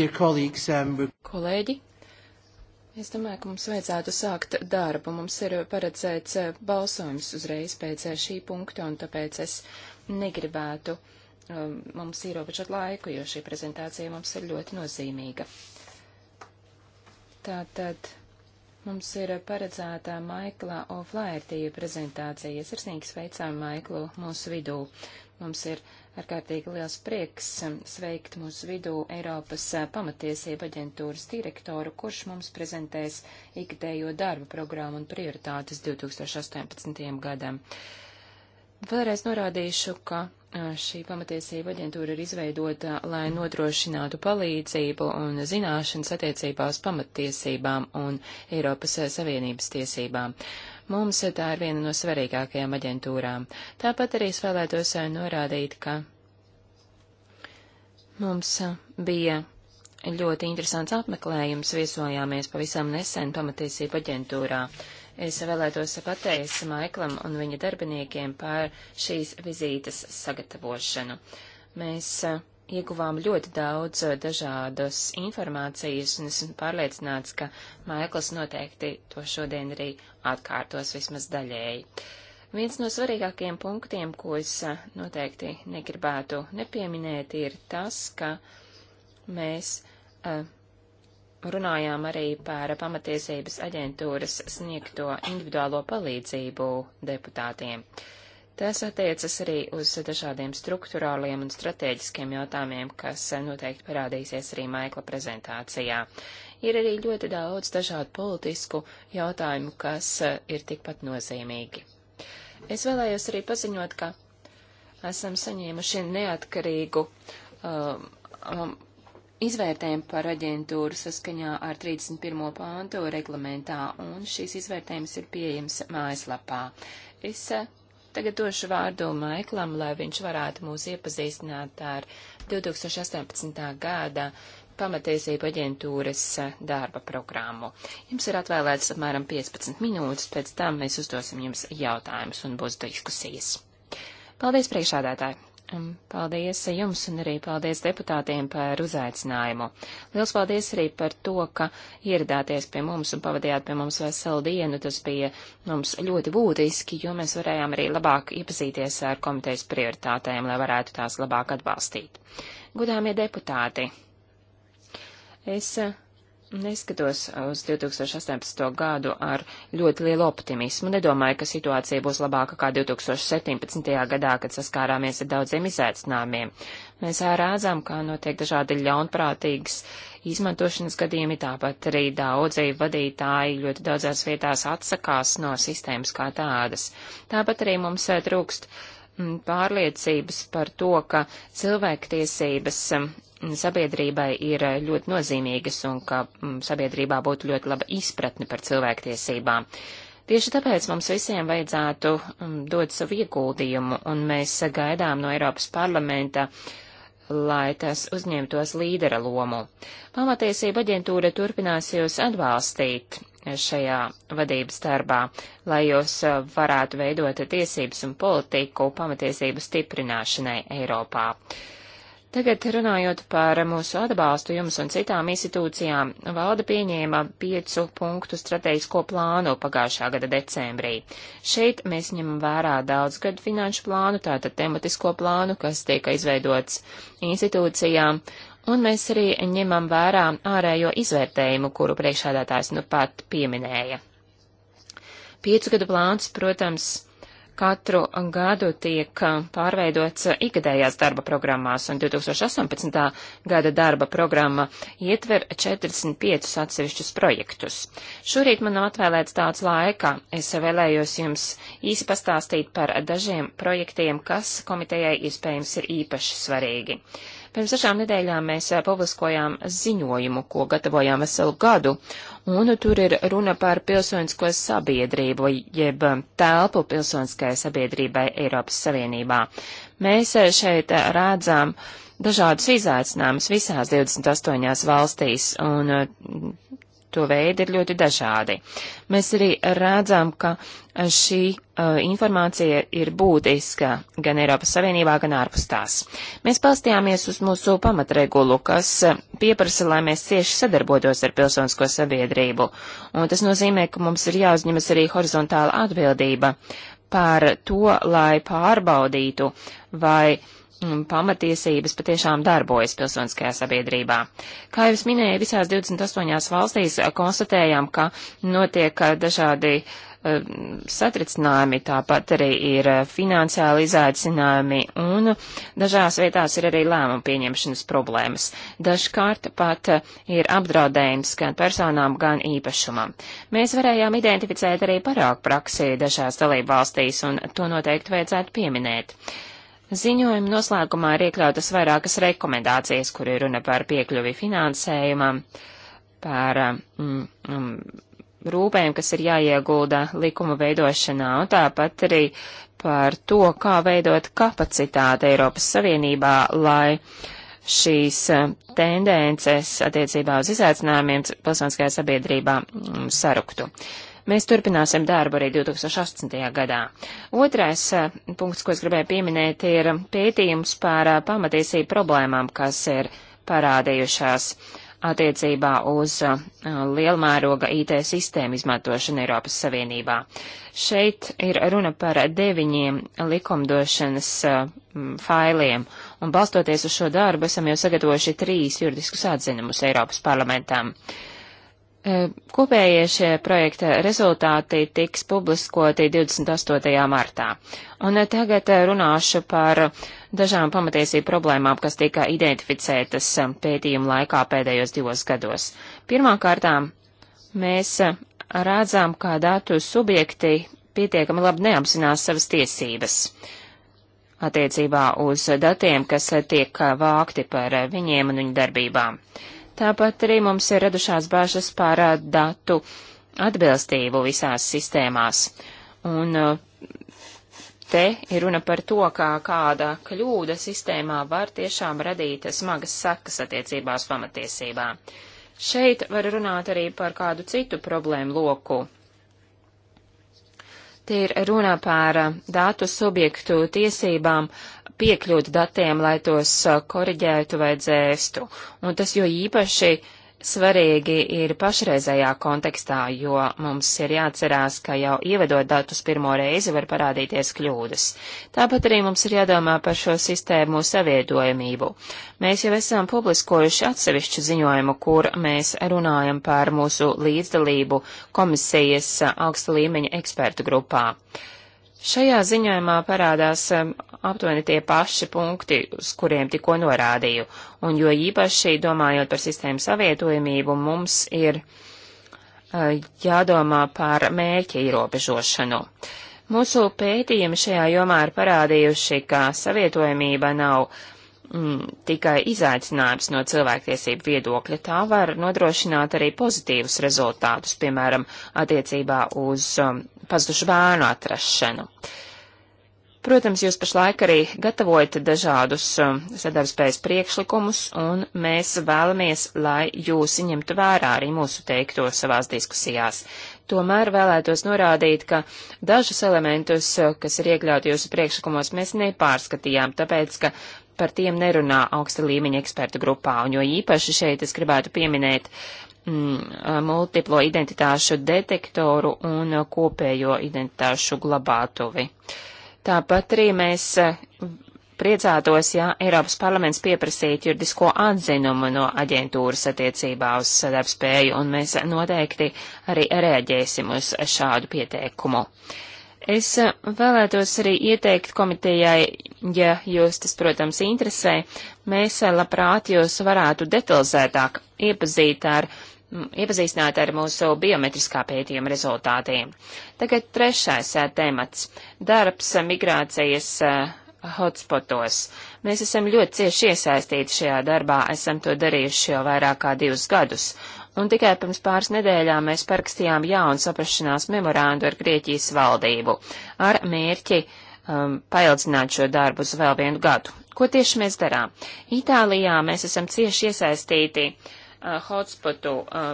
Um, Kolēģi, es domāju, ka mums vajadzētu sākt darbu. Mums ir paredzēts uh, balsojums uzreiz pēc uh, šī punkta, un tāpēc es negribētu um, mums ierobežot laiku, jo šī prezentācija mums ir ļoti nozīmīga. Tātad Mums ir paredzētā Maikla Oflaertīja prezentācija. Sirsnīgi sveicām Maiklu mūsu vidū. Mums ir ārkārtīgi liels prieks sveikt mūsu vidū Eiropas pamatiesība aģentūras direktoru, kurš mums prezentēs ikdējo darba programmu un prioritātes 2018. gadam. Uh, Vēlreiz norādīšu, ka šī pamatiesība aģentūra ir izveidota, lai nodrošinātu palīdzību un zināšanas attiecībā uz pamatiesībām un Eiropas Savienības tiesībām. Mums tā ir viena no svarīgākajām aģentūrām. Tāpat arī es vēlētos norādīt, ka mums bija ļoti interesants apmeklējums, viesojāmies pavisam nesen pamatiesību aģentūrā. Uh, Es vēlētos pateikt Maiklam un viņa darbiniekiem par šīs vizītes sagatavošanu. Mēs uh, ieguvām ļoti daudz uh, dažādas informācijas, un esmu pārliecināts, ka Maikls noteikti to šodien arī atkārtos vismaz daļēji. Viens no svarīgākajiem punktiem, ko es uh, noteikti negribētu nepieminēt, ir tas, ka mēs uh, runājām arī par pamatiesības aģentūras sniegto individuālo palīdzību deputātiem. Tas attiecas arī uz dažādiem struktūrāliem un strateģiskiem jautājumiem, kas noteikti parādīsies arī Maikla prezentācijā. Ir arī ļoti daudz dažādu politisku jautājumu, kas ir tikpat nozīmīgi. Es vēlējos arī paziņot, ka esam saņēmuši neatkarīgu um, um, izvērtējumu par aģentūru saskaņā ar 31. pāntu reglamentā, un šīs izvērtējums ir pieejams mājaslapā. Es eh, tagad došu vārdu Maiklam, lai viņš varētu mūs iepazīstināt ar 2018. gada pamatiesību aģentūras eh, darba programmu. Jums ir atvēlēts apmēram 15 minūtes, pēc tam mēs uzdosim jums jautājumus un būs diskusijas. Paldies priekšādātāji! Paldies jums un arī paldies deputātiem par uzaicinājumu. Liels paldies arī par to, ka ieradāties pie mums un pavadījāt pie mums veselu dienu. Tas bija mums ļoti būtiski, jo mēs varējām arī labāk iepazīties ar komitejas prioritātēm, lai varētu tās labāk atbalstīt. Gudāmie deputāti, es neskatos uz 2018. gadu ar ļoti lielu optimismu. Nedomāju, ka situācija būs labāka kā 2017. gadā, kad saskārāmies ar daudziem izaicinājumiem. Mēs rādzām, kā notiek dažādi ļaunprātīgas izmantošanas gadījumi, tāpat arī daudzi vadītāji ļoti daudzās vietās atsakās no sistēmas kā tādas. Tāpat arī mums trūkst mm, pārliecības par to, ka cilvēktiesības mm, sabiedrībai ir ļoti nozīmīgas un ka mm, sabiedrībā būtu ļoti laba izpratne par cilvēktiesībām. Tieši tāpēc mums visiem vajadzētu mm, dot savu ieguldījumu, un mēs gaidām no Eiropas parlamenta, lai tas uzņemtos līdera lomu. Pamatiesība aģentūra turpinās jūs atbalstīt šajā vadības darbā, lai jūs eh, varētu veidot tiesības un politiku pamatiesību stiprināšanai Eiropā. Uh, Tagad runājot par mūsu atbalstu jums un citām institūcijām, valda pieņēma piecu punktu strateģisko plānu pagājušā gada decembrī. Šeit mēs ņemam vērā daudz gadu finanšu plānu, tātad tematisko plānu, kas tiek izveidots institūcijām, un mēs arī ņemam vērā ārējo izvērtējumu, kuru priekšādātājs nu pat pieminēja. Piecu gadu plāns, protams, katru gadu tiek uh, pārveidots ikgadējās darba programmās, un 2018. gada darba programma ietver 45 atsevišķus projektus. Šorīt man atvēlēts tāds laika. Es vēlējos jums īsi pastāstīt par dažiem projektiem, kas komitejai iespējams ir īpaši svarīgi. Pirms sešām nedēļām mēs eh, publiskojām ziņojumu, ko gatavojām veselu gadu, un tur ir runa par pilsonisko sabiedrību, jeb eh, telpu pilsoniskajai sabiedrībai Eiropas Savienībā. Mēs eh, šeit redzam dažādus izaicinājumus visās 28 valstīs, un to veidi ir ļoti dažādi. Mēs arī redzam, ka šī uh, informācija ir būtiska gan Eiropas Savienībā, gan ārpus tās. Mēs palstījāmies uz mūsu pamatregulu, kas pieprasa, lai mēs cieši sadarbotos ar pilsonsko sabiedrību, un tas nozīmē, ka mums ir jāuzņemas arī horizontāla atbildība par to, lai pārbaudītu, vai uh, pamatiesības patiešām darbojas pilsoniskajā sabiedrībā. Kā jau es minēju, visās 28 valstīs eh, konstatējām, ka notiek eh, dažādi uh, satricinājumi, tāpat arī ir finansiāli izaicinājumi un dažās vietās ir arī lēmumu pieņemšanas problēmas. Dažkārt pat ir apdraudējums gan personām, gan īpašumam. Mēs varējām identificēt arī parāk praksi dažās dalībvalstīs un to noteikti vajadzētu pieminēt. Uh, Ziņojuma noslēgumā ir iekļautas vairākas rekomendācijas, kur ir runa par piekļuvi finansējumam, par mm, mm, rūpēm, kas ir jāiegulda likuma veidošanā, un tāpat arī par to, kā veidot kapacitāti Eiropas Savienībā, lai šīs mm, tendences attiecībā uz izaicinājumiem pilsoniskajā sabiedrībā mm, saruktu. Uh, Mēs turpināsim darbu arī 2018. gadā. Otrais eh, punkts, ko es gribēju pieminēt, ir pētījums par eh, pamatiesību problēmām, kas ir parādījušās attiecībā uz eh, lielmēroga IT sistēmu izmantošanu Eiropas Savienībā. Šeit ir runa par deviņiem likumdošanas failiem, un balstoties uz šo darbu esam jau sagatavojuši trīs juridiskus atzinumus Eiropas parlamentam. Uh, E, kopējie šie projekta rezultāti tiks publiskoti 28. martā. Un e, tagad e, runāšu par dažām pamatiesību problēmām, kas tika identificētas pētījuma laikā pēdējos divos gados. Pirmkārtām, mēs redzam, kā datu subjekti pietiekami labi neapzinās savas tiesības attiecībā uz datiem, kas tiek vākti par viņiem un viņu darbībām. Uh, Tāpat arī mums ir radušās bāžas par datu atbilstību visās sistēmās. Un te ir runa par to, kā kāda kļūda sistēmā var tiešām radīt smagas sekas attiecībās pamatiesībām. Šeit var runāt arī par kādu citu problēmu loku, Te ir runa par uh, datu subjektu tiesībām piekļūt datiem, lai tos uh, koriģētu vai dzēstu. Un tas jo īpaši uh, svarīgi ir pašreizējā kontekstā, jo mums ir jāatcerās, ka jau ievedot datus pirmo reizi var parādīties kļūdas. Tāpat arī mums ir jādomā par šo sistēmu savietojamību. Mēs jau esam publiskojuši atsevišķu ziņojumu, kur mēs runājam par mūsu līdzdalību komisijas augsta līmeņa ekspertu grupā. Uh, Šajā ziņojumā parādās aptuveni tie paši punkti, uz kuriem tikko norādīju, un jo īpaši domājot par sistēmu savietojamību, mums ir uh, jādomā par mērķa ierobežošanu. Mūsu pētījumi šajā jomā ir parādījuši, ka savietojamība nav mm, tikai izaicinājums no cilvēktiesību viedokļa, tā var nodrošināt arī pozitīvus rezultātus, piemēram, attiecībā uz um, pazudušu bērnu atrašanu. Protams, jūs pašlaik arī gatavojat dažādus um, sadarbspējas priekšlikumus, un mēs vēlamies, lai jūs ņemtu vērā arī mūsu teikto savās diskusijās. Tomēr vēlētos norādīt, ka dažus elementus, uh, kas ir iekļauti jūsu priekšlikumos, mēs nepārskatījām, tāpēc, ka par tiem nerunā augsta līmeņa ekspertu grupā, un jo īpaši šeit es gribētu pieminēt uh, Mm, multiplo identitāšu detektoru un kopējo identitāšu glabātuvi. Tāpat arī mēs eh, priecātos, ja Eiropas parlaments pieprasītu juridisko atzinumu no aģentūras attiecībā uz sadarbspēju, un mēs noteikti arī reaģēsim uz šādu pieteikumu. Uh, Es eh, vēlētos arī ieteikt komitejai, ja jūs tas, protams, interesē, mēs eh, labprāt jūs varētu detalizētāk iepazīt ar, iepazīstināt ar mūsu biometriskā pētījuma rezultātiem. Tagad trešais eh, temats - darbs migrācijas hotspotos. Mēs esam ļoti cieši iesaistīti šajā darbā, esam to darījuši jau vairāk kā divus gadus, un tikai pirms pāris nedēļām mēs parakstījām jaunu saprašanās memorandu ar Grieķijas valdību ar mērķi um, paildzināt šo darbu uz vēl vienu gadu. Ko tieši mēs darām? Itālijā mēs esam cieši iesaistīti uh, hotspotu uh,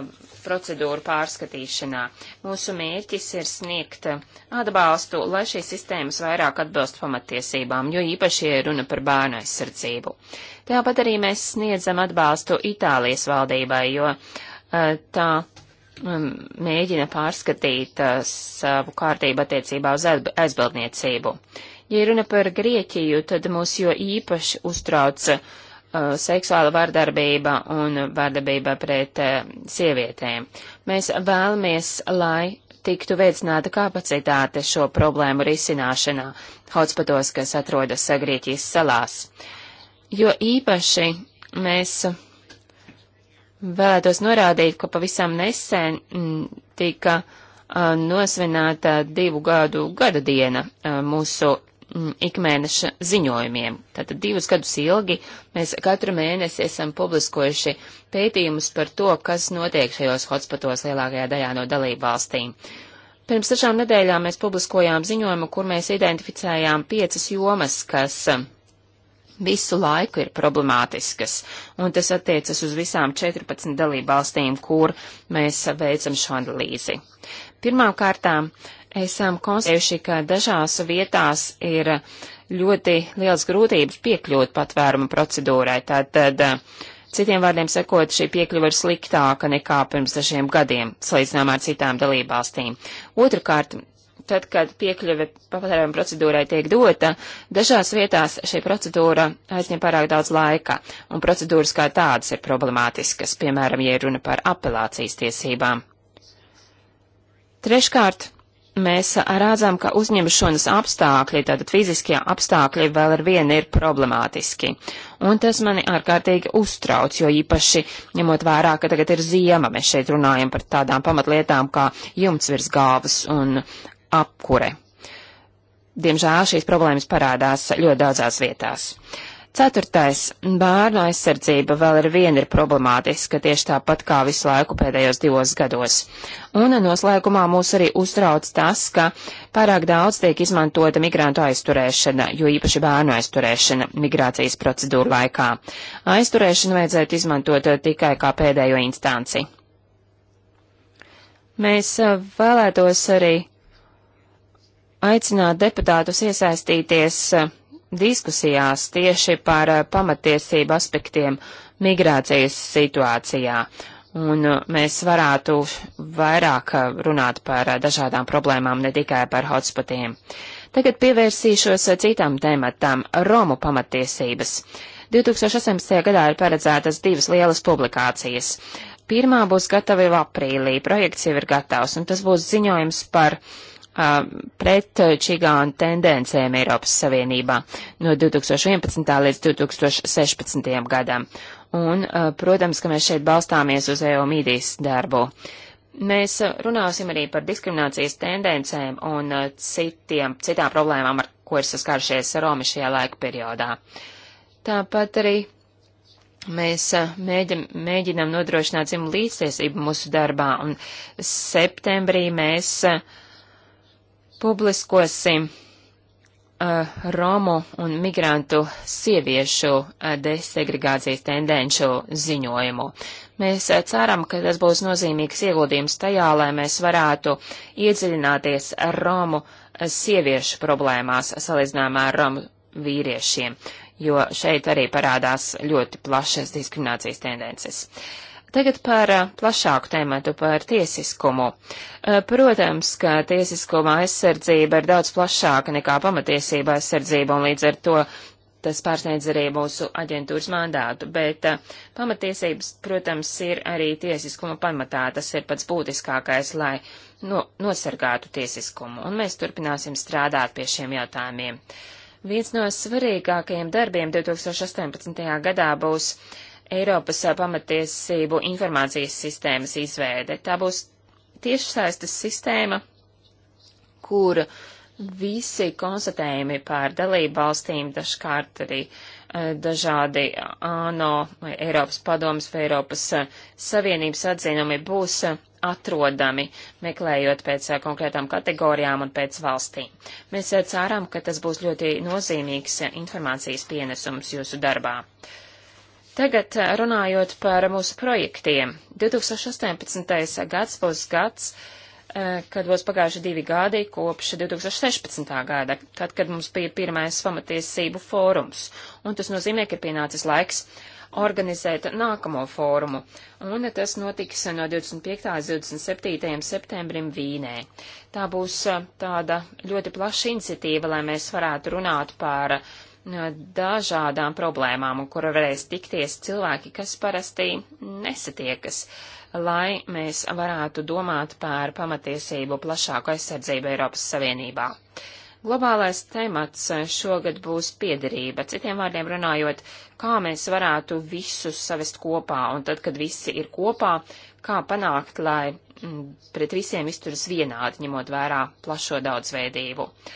procedūru pārskatīšanā. Mūsu mērķis ir sniegt uh, atbalstu, lai šīs sistēmas vairāk atbilst pamatiesībām, jo īpaši ir runa par bērnu aizsardzību. Tāpat arī mēs sniedzam atbalstu Itālijas valdībai, jo uh, Eh, tā mm, mēģina pārskatīt eh, savu kārtību attiecībā uz aizbildniecību. Ja runa par Grieķiju, tad mūs jo īpaši uztrauc uh, seksuāla vardarbība un vardarbība pret uh, sievietēm. Mēs vēlamies, lai tiktu veicināta kapacitāte šo problēmu risināšanā hotspatos, kas atrodas Grieķijas salās. Jo īpaši mēs Vēlētos norādīt, ka pavisam nesen mm, tika nosvināta divu gadu gada diena mūsu mm, ikmēneša ziņojumiem. Tātad divus gadus ilgi mēs katru mēnesi esam publiskojuši pētījumus par to, kas notiek šajos hotspotos lielākajā daļā no dalību valstīm. Pirms dažām nedēļām mēs publiskojām ziņojumu, kur mēs identificējām piecas jomas, kas visu laiku ir problemātiskas, un tas attiecas uz visām 14 dalībvalstīm, kur mēs veicam šo analīzi. Pirmām kārtām esam konstatējuši, ka dažās vietās ir ļoti liels grūtības piekļūt patvērumu procedūrai, tātad Citiem vārdiem sakot, šī piekļuva ir sliktāka nekā pirms dažiem gadiem, salīdzinām ar citām dalībvalstīm. Otrakārt, tad, kad piekļuve patērējuma procedūrai tiek dota, dažās vietās šī procedūra aizņem pārāk daudz laika, un procedūras kā tādas ir problemātiskas, piemēram, ja runa par apelācijas tiesībām. Treškārt, mēs rādzām, ka uzņemšanas apstākļi, tātad fiziskie apstākļi vēl ar vienu ir problemātiski. Un tas mani ārkārtīgi uztrauc, jo īpaši ņemot vērā, ka tagad ir ziema, mēs šeit runājam par tādām pamatlietām kā jumts virs galvas un apkure. Diemžēl šīs problēmas parādās ļoti daudzās vietās. Ceturtais - bērnu aizsardzība vēl ar vienu ir problemātiska, tieši tāpat kā visu laiku pēdējos divos gados. Un noslēgumā mūs arī uztrauc tas, ka pārāk daudz tiek izmantota migrantu aizturēšana, jo īpaši bērnu aizturēšana migrācijas procedūru laikā. Aizturēšanu vajadzētu izmantot tikai kā pēdējo instanci. Mēs eh, vēlētos arī aicināt deputātus iesaistīties eh, diskusijās tieši par eh, pamatiesību aspektiem migrācijas situācijā. Un eh, mēs varētu vairāk runāt par dažādām problēmām, ne tikai par hotspotiem. Tagad pievērsīšos citām tēmatām - Romu pamatiesības. 2018. gadā ir paredzētas divas lielas publikācijas. Pirmā būs gatava jau aprīlī, projekts jau ir gatavs, un tas būs ziņojums par uh, Uh, pret uh, čigānu tendencēm Eiropas Savienībā no 2011. līdz 2016. gadam. Un, uh, protams, ka mēs šeit balstāmies uz EOMIDijas darbu. Mēs runāsim arī par diskriminācijas tendencēm un citiem, citām problēmām, ar ko ir saskāršies Romi šajā laika periodā. Tāpat arī mēs mēģinam, mēģinam nodrošināt dzimumu līdztiesību mūsu darbā, un septembrī mēs uh, publiskosim uh, Romu un migrantu sieviešu uh, desegregācijas tendenču ziņojumu. Mēs uh, ceram, ka tas būs nozīmīgs ieguldījums tajā, lai mēs varētu iedziļināties Romu sieviešu problēmās salīdzinājumā ar Romu vīriešiem, jo šeit arī parādās ļoti plašas diskriminācijas tendences. Uh, Tagad par plašāku tēmatu, par tiesiskumu. Protams, ka tiesiskuma aizsardzība ir daudz plašāka nekā pamatiesība aizsardzība, un līdz ar to tas pārsniedz arī mūsu aģentūras mandātu, bet pamatiesības, protams, ir arī tiesiskuma pamatā, tas ir pats būtiskākais, lai no, nosargātu tiesiskumu, un mēs turpināsim strādāt pie šiem jautājumiem. Viens no svarīgākajiem darbiem 2018. gadā būs Eiropas pamatiesību informācijas sistēmas izveide. Tā būs tiešsaistes sistēma, kur visi konstatējumi par dalību valstīm dažkārt arī dažādi ANO vai Eiropas padomas vai Eiropas Savienības atzinumi būs atrodami, meklējot pēc konkrētām kategorijām un pēc valstīm. Mēs ceram, ka tas būs ļoti nozīmīgs informācijas pienesums jūsu darbā. Uh, Tagad eh, runājot par mūsu projektiem. 2018. gads būs gads, eh, kad būs pagājuši divi gadi kopš 2016. gada, tad, kad mums bija pirmais pamatiesību fórums. Un tas nozīmē, ka pienācis laiks organizēt nākamo fórumu, un tas notiks no 25. līdz 27. septembrim Vīnē. Tā būs eh, tāda ļoti plaša iniciatīva, lai mēs varētu runāt par dažādām problēmām, un kura varēs tikties cilvēki, kas parasti nesatiekas, lai mēs varētu domāt par pamatiesību plašāku aizsardzību Eiropas Savienībā. Globālais temats šogad būs piederība, citiem vārdiem runājot, kā mēs varētu visus savest kopā, un tad, kad visi ir kopā, kā panākt, lai mm, pret visiem izturas vienādi, ņemot vērā plašo daudzveidību. Uh,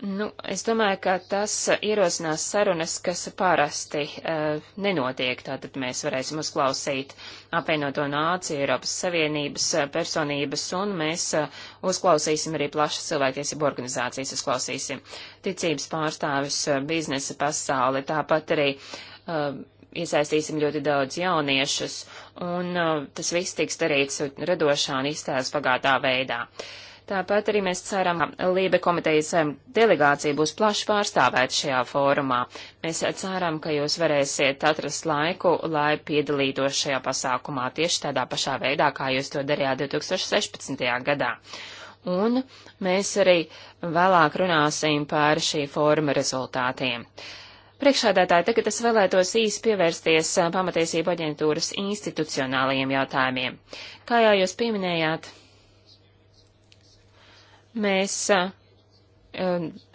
Nu, es domāju, ka tas ierosinās sarunas, kas parasti uh, nenotiek. Tātad mēs varēsim uzklausīt apvienoto nāciju, Eiropas Savienības uh, personības, un mēs uh, uzklausīsim arī plašas cilvēktiesību organizācijas, uzklausīsim ticības pārstāvis, uh, biznesa pasauli, tāpat arī uh, iesaistīsim ļoti daudz jauniešus, un uh, tas viss tiks darīts radošā un iztēles pagātā veidā. Uh, Tāpat arī mēs ceram, ka Lībe komitejas delegācija būs plaši pārstāvēta šajā fórumā. Mēs ceram, ka jūs varēsiet atrast laiku, lai piedalītos šajā pasākumā tieši tādā pašā veidā, kā jūs to darījāt 2016. gadā. Un mēs arī vēlāk runāsim par šī fóruma rezultātiem. Priekšādātāji, tagad es vēlētos īsi pievērsties pamatiesību aģentūras institucionālajiem jautājumiem. Kā jau jūs pieminējāt, Mēs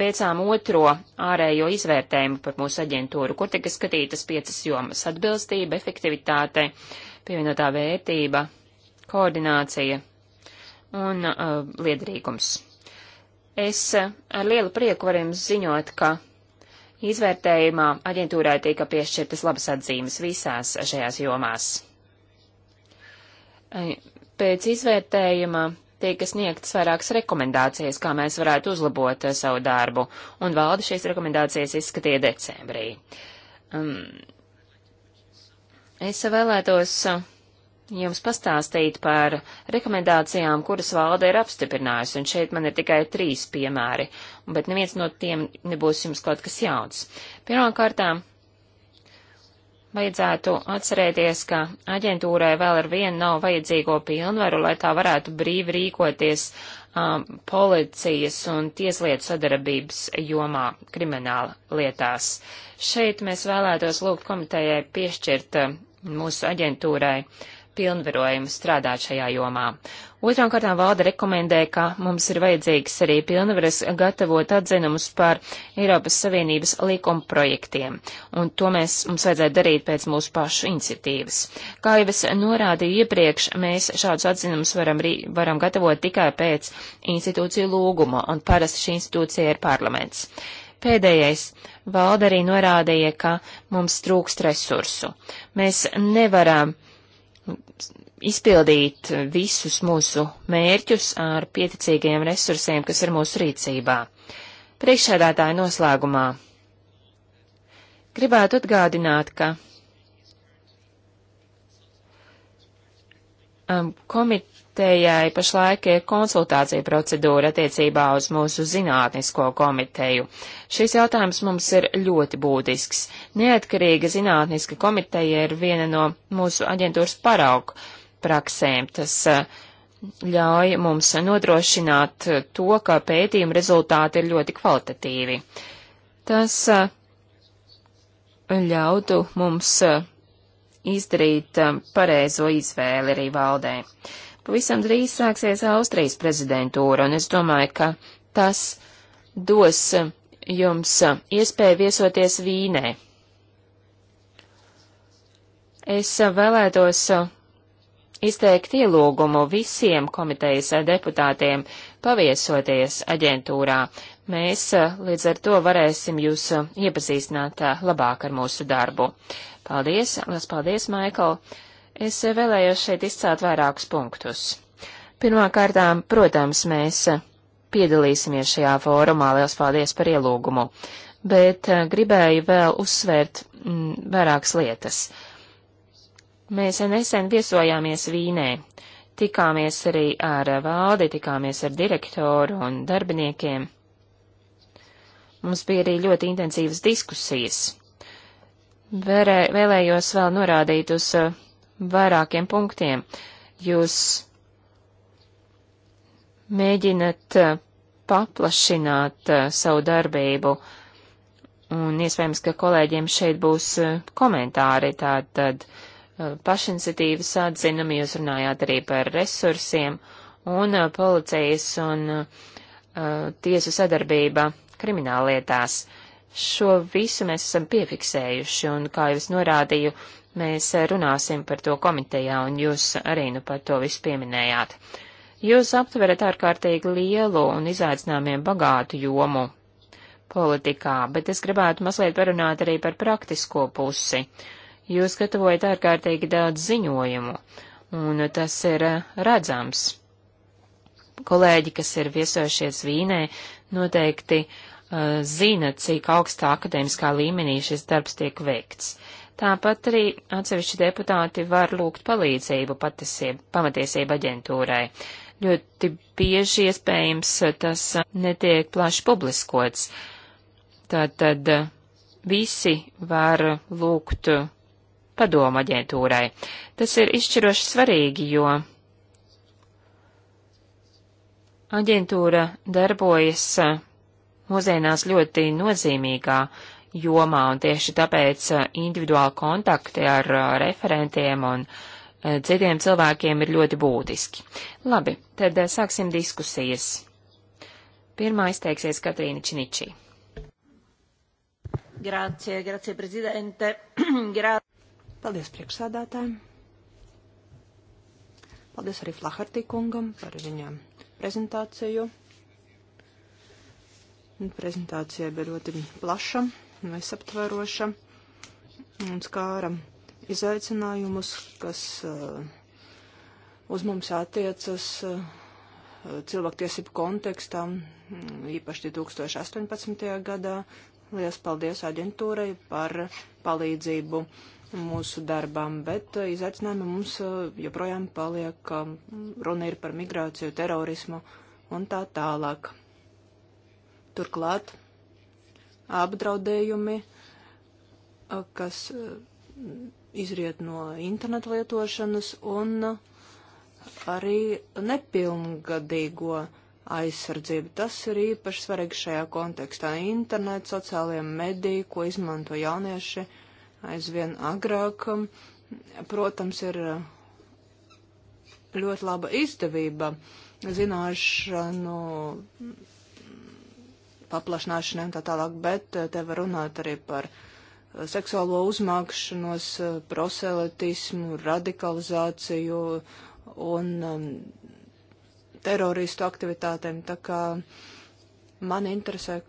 pēcām eh, eh, otro ārējo izvērtējumu par mūsu aģentūru, kur tika skatītas piecas jomas - atbilstība, efektivitāte, pievienotā vērtība, koordinācija un uh, liederīgums. Es ar lielu prieku varu jums ziņot, ka izvērtējumā aģentūrai tika piešķirtas labas atzīmes visās šajās jomās. Pēc izvērtējuma tika sniegtas vairākas rekomendācijas, kā mēs varētu uzlabot eh, savu darbu, un valde šīs rekomendācijas izskatīja decembrī. Um, es vēlētos eh, jums pastāstīt par rekomendācijām, kuras valde ir apstiprinājusi, un šeit man ir tikai trīs piemēri, bet neviens no tiem nebūs jums kaut kas jauns. Pirmkārtām, vajadzētu atcerēties, ka aģentūrai vēl ar vienu nav vajadzīgo pilnvaru, lai tā varētu brīvi rīkoties um, policijas un tieslietu sadarbības jomā krimināla lietās. Šeit mēs vēlētos lūgt komitējai piešķirt uh, mūsu aģentūrai uh, pilnvarojumu strādāt šajā jomā. Otrām kārtām valde rekomendē, ka mums ir vajadzīgs arī pilnvaras gatavot atzinumus par Eiropas Savienības likuma projektiem, un to mēs mums vajadzētu darīt pēc mūsu pašu iniciatīvas. Kā jau es norādīju iepriekš, mēs šādus atzinumus varam, varam gatavot tikai pēc institūciju lūguma, un parasti šī institūcija ir parlaments. Pēdējais. Valda arī norādīja, ka mums trūkst resursu. Mēs nevaram uh, izpildīt visus mūsu mērķus ar pieticīgiem resursiem, kas ir mūsu rīcībā. Priekšsēdētāja noslēgumā gribētu atgādināt, ka um, komitejai pašlaik ir konsultācija procedūra attiecībā uz mūsu zinātnisko komiteju. Šis jautājums mums ir ļoti būtisks. Neatkarīga zinātniska komiteja ir viena no mūsu aģentūras paraugu praksēm. Tas uh, ļauj mums nodrošināt uh, to, ka pētījuma rezultāti ir ļoti kvalitatīvi. Tas uh, ļautu mums izdarīt um, pareizo izvēli arī valdē. Pavisam drīz sāksies Austrijas prezidentūra, un es domāju, ka tas dos jums iespēju viesoties Vīnē. Es vēlētos izteikt ielūgumu visiem komitejas deputātiem paviesoties aģentūrā. Mēs eh, līdz ar to varēsim jūs eh, iepazīstināt eh, labāk ar mūsu darbu. Paldies, liels paldies, Maikl. Es vēlējos šeit izcelt vairākus punktus. Pirmkārtām, protams, mēs piedalīsimies šajā fórumā. Liels paldies par ielūgumu! Bet gribēju vēl uzsvērt m, mm, vairākas lietas. Mēs nesen viesojāmies Vīnē. Tikāmies arī ar valdi, tikāmies ar direktoru un darbiniekiem. Mums bija arī ļoti intensīvas diskusijas. Vērē, vēlējos vēl norādīt uz uh, vairākiem punktiem. Jūs mēģinat uh, paplašināt uh, savu darbību, un iespējams, ka kolēģiem šeit būs komentāri, tātad. Tā, Uh, pašiniciatīvas atzinumi, jūs runājāt arī par resursiem un uh, policijas un uh, tiesu sadarbība krimināllietās. Šo visu mēs esam piefiksējuši, un, kā jau es norādīju, mēs uh, runāsim par to komitejā, un jūs arī nu par to visu pieminējāt. Jūs aptverat ārkārtīgi lielu un izaicinājumiem bagātu jomu politikā, bet es gribētu mazliet parunāt arī par praktisko pusi. Uh, Jūs gatavojat ārkārtīgi daudz ziņojumu, un tas ir eh, redzams. Kolēģi, kas ir viesojušies Vīnē, noteikti uh, zina, cik augstā akadēmiskā līmenī šis darbs tiek veikts. Tāpat arī atsevišķi deputāti var lūgt palīdzību pamatiesību aģentūrai. Ļoti bieži iespējams eh, tas netiek plaši publiskots. Tātad visi var lūgt padomu aģentūrai. Tas ir izšķiroši svarīgi, jo aģentūra darbojas eh, mūsdienās ļoti nozīmīgā jomā, un tieši tāpēc eh, individuāli kontakti ar eh, referentiem un citiem cilvēkiem ir ļoti būtiski. Labi, tad sāksim diskusijas. Pirmā izteiksies Katrīna Činičī. Grazie, grazie, prezidente. Gra Paldies priekšsēdētājiem. Paldies arī Flahartī kungam par viņa prezentāciju. Prezentācija bija ļoti plaša, visaptveroša un skāra izaicinājumus, kas uh, uz mums attiecas uh, cilvēktiesību kontekstā, mm, īpaši 2018. gadā. Lielas paldies aģentūrai par palīdzību mūsu darbam, bet uh, izaicinājumi mums uh, joprojām paliek. Um, runa ir par migrāciju, terorismu un tā tālāk. Turklāt apdraudējumi, uh, kas izriet no internetu lietošanas un arī nepilngadīgo aizsardzība. Tas ir īpaši svarīgi šajā kontekstā. Internets, sociālajiem mediju, ko izmanto jaunieši. Uh, aizvien agrāk. Protams, ir eh, ļoti laba izdevība zināšanu paplašināšanai un tā tālāk, bet eh, te var runāt arī par eh, seksuālo uzmākšanos, proselitismu, radikalizāciju un um, teroristu aktivitātēm. Tā kā man interesē,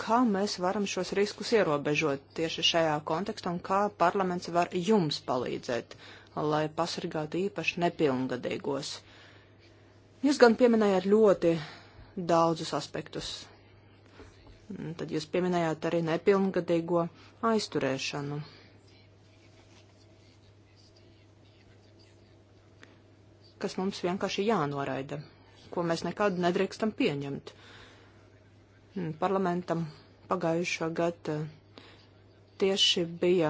kā mēs varam šos riskus ierobežot tieši šajā kontekstā un kā parlaments var jums palīdzēt, lai pasargātu īpaši nepilngadīgos. Jūs gan pieminējāt ļoti daudzus aspektus. Tad jūs pieminējāt arī nepilngadīgo aizturēšanu. kas mums vienkārši jānoraida, ko mēs nekad nedrīkstam pieņemt. Uh, Mm, parlamentam pagājušā gada tieši bija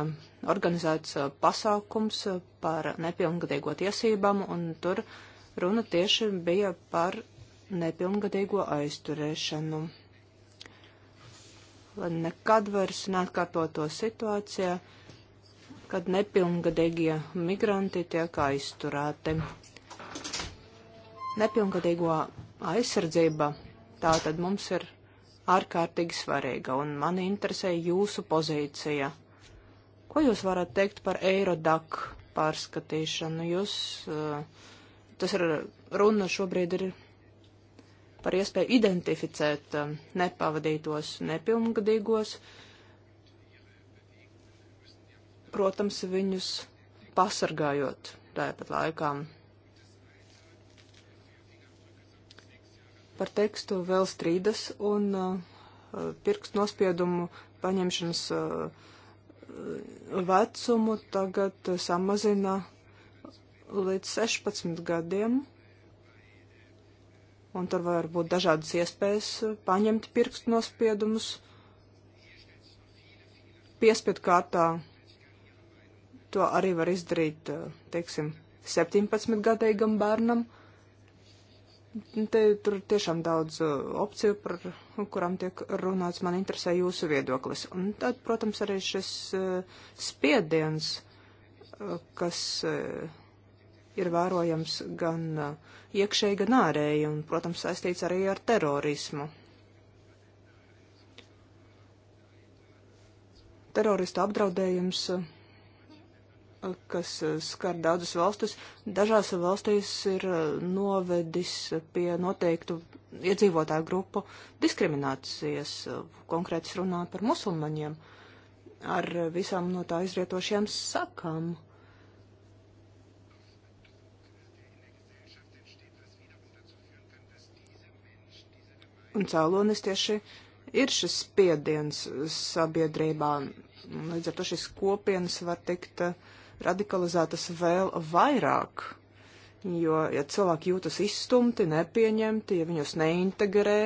organizēts uh, pasākums uh, par nepilngadīgo tiesībām, un tur runa tieši bija par nepilngadīgo aizturēšanu. Lai nekad vairs neatkārtoto situācijā, kad nepilngadīgie migranti tiek aizturēti. Nepilngadīgo aizsardzība tā tad mums ir ārkārtīgi svarīga, un man interesē jūsu pozīcija. Ko jūs varat teikt par Eirodak pārskatīšanu? Jūs, eh, tas ir runa šobrīd ir par iespēju identificēt eh, nepavadītos nepilngadīgos. Protams, viņus pasargājot tāpat laikām Par tekstu vēl strīdas un uh, pirkstu nospiedumu paņemšanas uh, vecumu tagad uh, samazina līdz 16 gadiem. Un tur var būt dažādas iespējas paņemt pirkstu nospiedumus. Piespiedu kārtā to arī var izdarīt, teiksim, 17 gadīgam bērnam. Uh, Te, tur tiešām daudz uh, opciju, par kurām tiek runāts. Man interesē jūsu viedoklis. Un tad, protams, arī šis uh, spiediens, uh, kas ir vērojams gan iekšēji, gan ārēji, un, protams, saistīts arī ar terorismu. Terorista apdraudējums kas eh, skar daudzas valstis, dažās valstīs ir eh, novedis pie noteiktu iedzīvotāju grupu diskriminācijas, konkrēti runājot par musulmaņiem, ar visām no tā izrietošajām sakām. Un cēlonis tieši ir šis spiediens sabiedrībā. Līdz ar to šīs kopienas var tikt uh, radikalizētas vēl vairāk. Jo, ja cilvēki jūtas izstumti, nepieņemti, ja viņus neintegrē,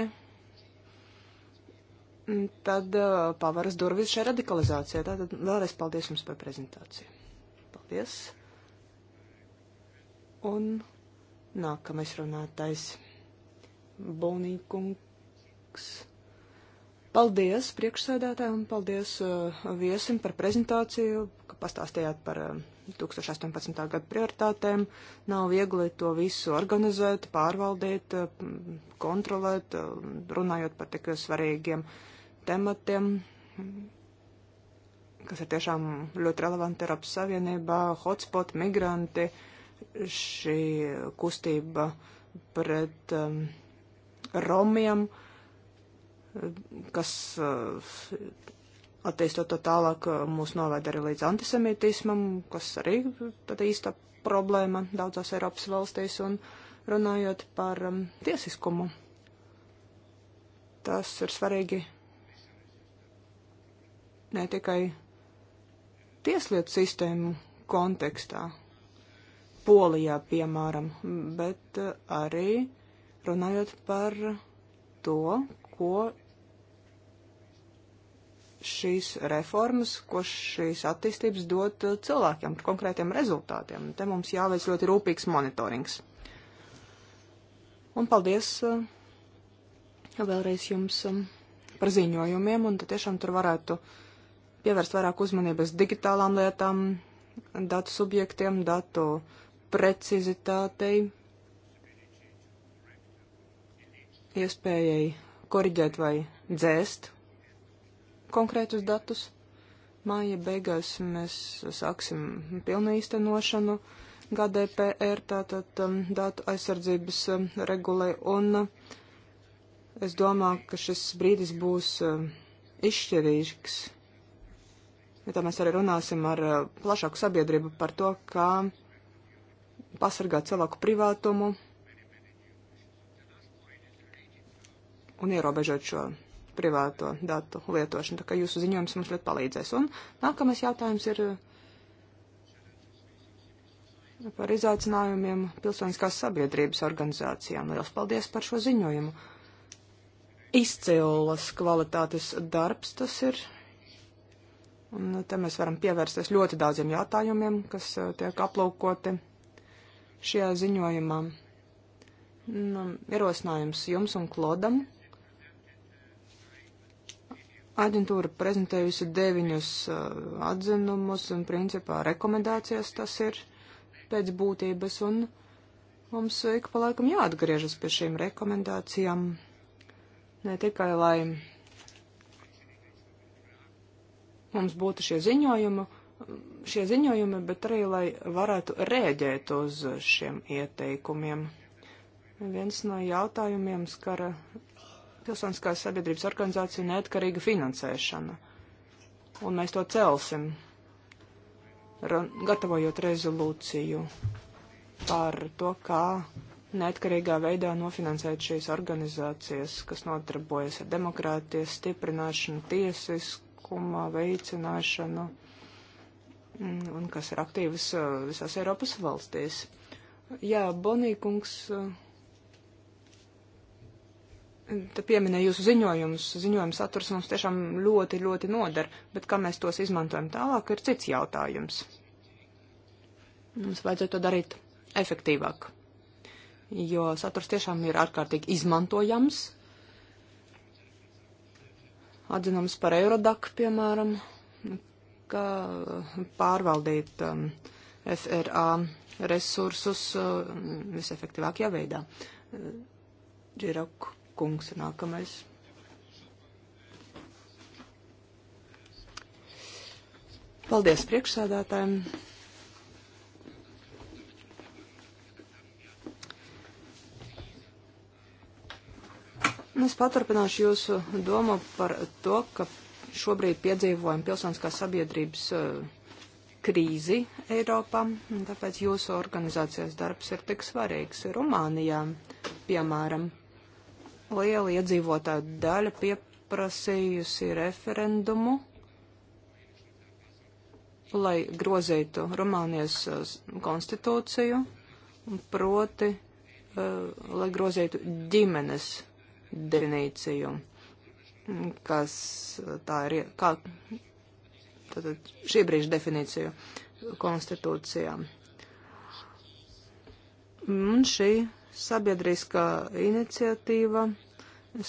tad uh, pavaras durvis šai radikalizācijai. Tātad vēlreiz paldies jums par prezentāciju. Paldies. Un nākamais runātais. Bonīkungs. Paldies priekšsēdētājiem un paldies uh, viesim par prezentāciju, ka pastāstījāt par uh, 2018. gada prioritātēm. Nav viegli to visu organizēt, pārvaldīt, uh, kontrolēt, uh, runājot par tik svarīgiem tematiem, kas ir tiešām ļoti relevanti Eiropas Savienībā, hotspot, migranti, šī kustība pret um, romiem. Uh, kas eh, attīstot to tālāk eh, mūs noved arī līdz antisemītismam, kas arī tad īsta problēma daudzās Eiropas valstīs un runājot par um, tiesiskumu. Tas ir svarīgi ne tikai tieslietu sistēmu kontekstā, Polijā, piemēram, bet eh, arī runājot par to, ko šīs reformas, ko šīs attīstības dod uh, cilvēkiem par konkrētiem rezultātiem. Te mums jāveic ļoti rūpīgs monitorings. Un paldies uh, vēlreiz jums um, par ziņojumiem, un tiešām tur varētu pievērst vairāk uzmanības digitālām lietām, datu subjektiem, datu precizitātei, iespējai koriģēt vai dzēst konkrētus datus. Māja beigās mēs sāksim pilnu īstenošanu GDPR, tātad um, datu aizsardzības um, regulai, un uh, es domāju, ka šis brīdis būs uh, izšķirīgs. Ja tā mēs arī runāsim ar uh, plašāku sabiedrību par to, kā pasargāt cilvēku privātumu un ierobežot šo privāto datu lietošanu. Tā kā jūsu ziņojums mums ļoti palīdzēs. Un nākamais jautājums ir eh, par izaicinājumiem pilsoniskās sabiedrības organizācijām. Liels paldies par šo ziņojumu. Izcēlas kvalitātes darbs tas ir. Un te mēs varam pievērsties ļoti daudziem jautājumiem, kas eh, tiek aplaukoti šajā ziņojumā. Nu, ierosinājums jums un Klodam Aģentūra prezentējusi deviņus uh, atzinumus un principā rekomendācijas tas ir pēc būtības, un mums ik pa laikam jāatgriežas pie šīm rekomendācijām. Ne tikai, lai mums būtu šie ziņojumi, šie ziņojumi, bet arī, lai varētu rēģēt uz šiem ieteikumiem. Viens no jautājumiem skara pilsoniskās sabiedrības organizāciju neatkarīga finansēšana. Un mēs to celsim, gatavojot rezolūciju par to, kā neatkarīgā veidā nofinansēt šīs organizācijas, kas notarbojas ar demokrātijas stiprināšanu, tiesiskuma veicināšanu mm, un kas ir aktīvas uh, visās Eiropas valstīs. Jā, Bonīkungs. Uh, pieminēja jūsu ziņojumus. Ziņojuma saturs mums tiešām ļoti, ļoti noder, bet kā mēs tos izmantojam tālāk, ir cits jautājums. Mums vajadzētu to darīt efektīvāk, jo saturs tiešām ir ārkārtīgi izmantojams. Atzinums par Eurodaku, piemēram, kā pārvaldīt um, FRA resursus uh, visefektīvākajā veidā. Uh, Džiraku kungs nākamais. Paldies priekšsādātājiem. Es paturpināšu jūsu domu par to, ka šobrīd piedzīvojam pilsoniskās sabiedrības eh, krīzi Eiropā, tāpēc jūsu organizācijas darbs ir tik svarīgs. Rumānijā, piemēram, Liela iedzīvotāju daļa pieprasījusi referendumu, lai grozītu Rumānijas eh, konstitūciju, proti, eh, lai grozītu ģimenes definīciju, kas eh, tā ir, kā, tātad šī brīža definīciju konstitūcijā. Un šī sabiedriskā iniciatīva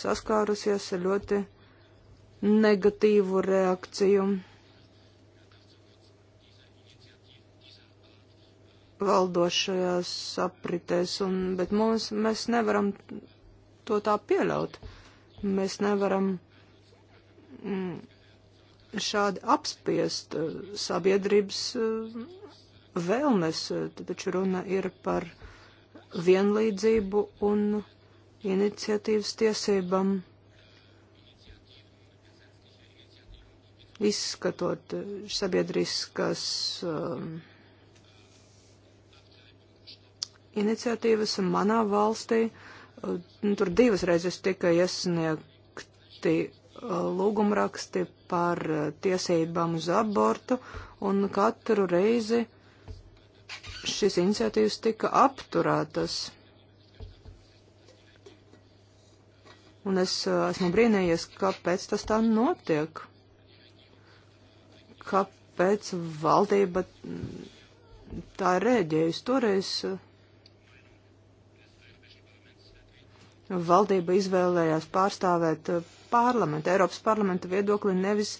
saskārusies ar ļoti negatīvu reakciju. valdošajās apritēs, un, bet mums, mēs nevaram to tā pieļaut. Mēs nevaram mm, šādi apspiest uh, sabiedrības uh, vēlmes, taču runa ir par vienlīdzību un iniciatīvas tiesībām. Izskatot sabiedriskas um, iniciatīvas manā valstī, uh, nu, tur divas reizes tika iesniegti uh, lūgumraksti par uh, tiesībām uz abortu, un katru reizi uh, šīs iniciatīvas tika apturētas. Un es eh, esmu brīnījies, kāpēc tas tā notiek. Kāpēc valdība mm, tā rēģējusi toreiz? Eh, valdība izvēlējās pārstāvēt eh, parlamentu, Eiropas parlamenta viedokli, nevis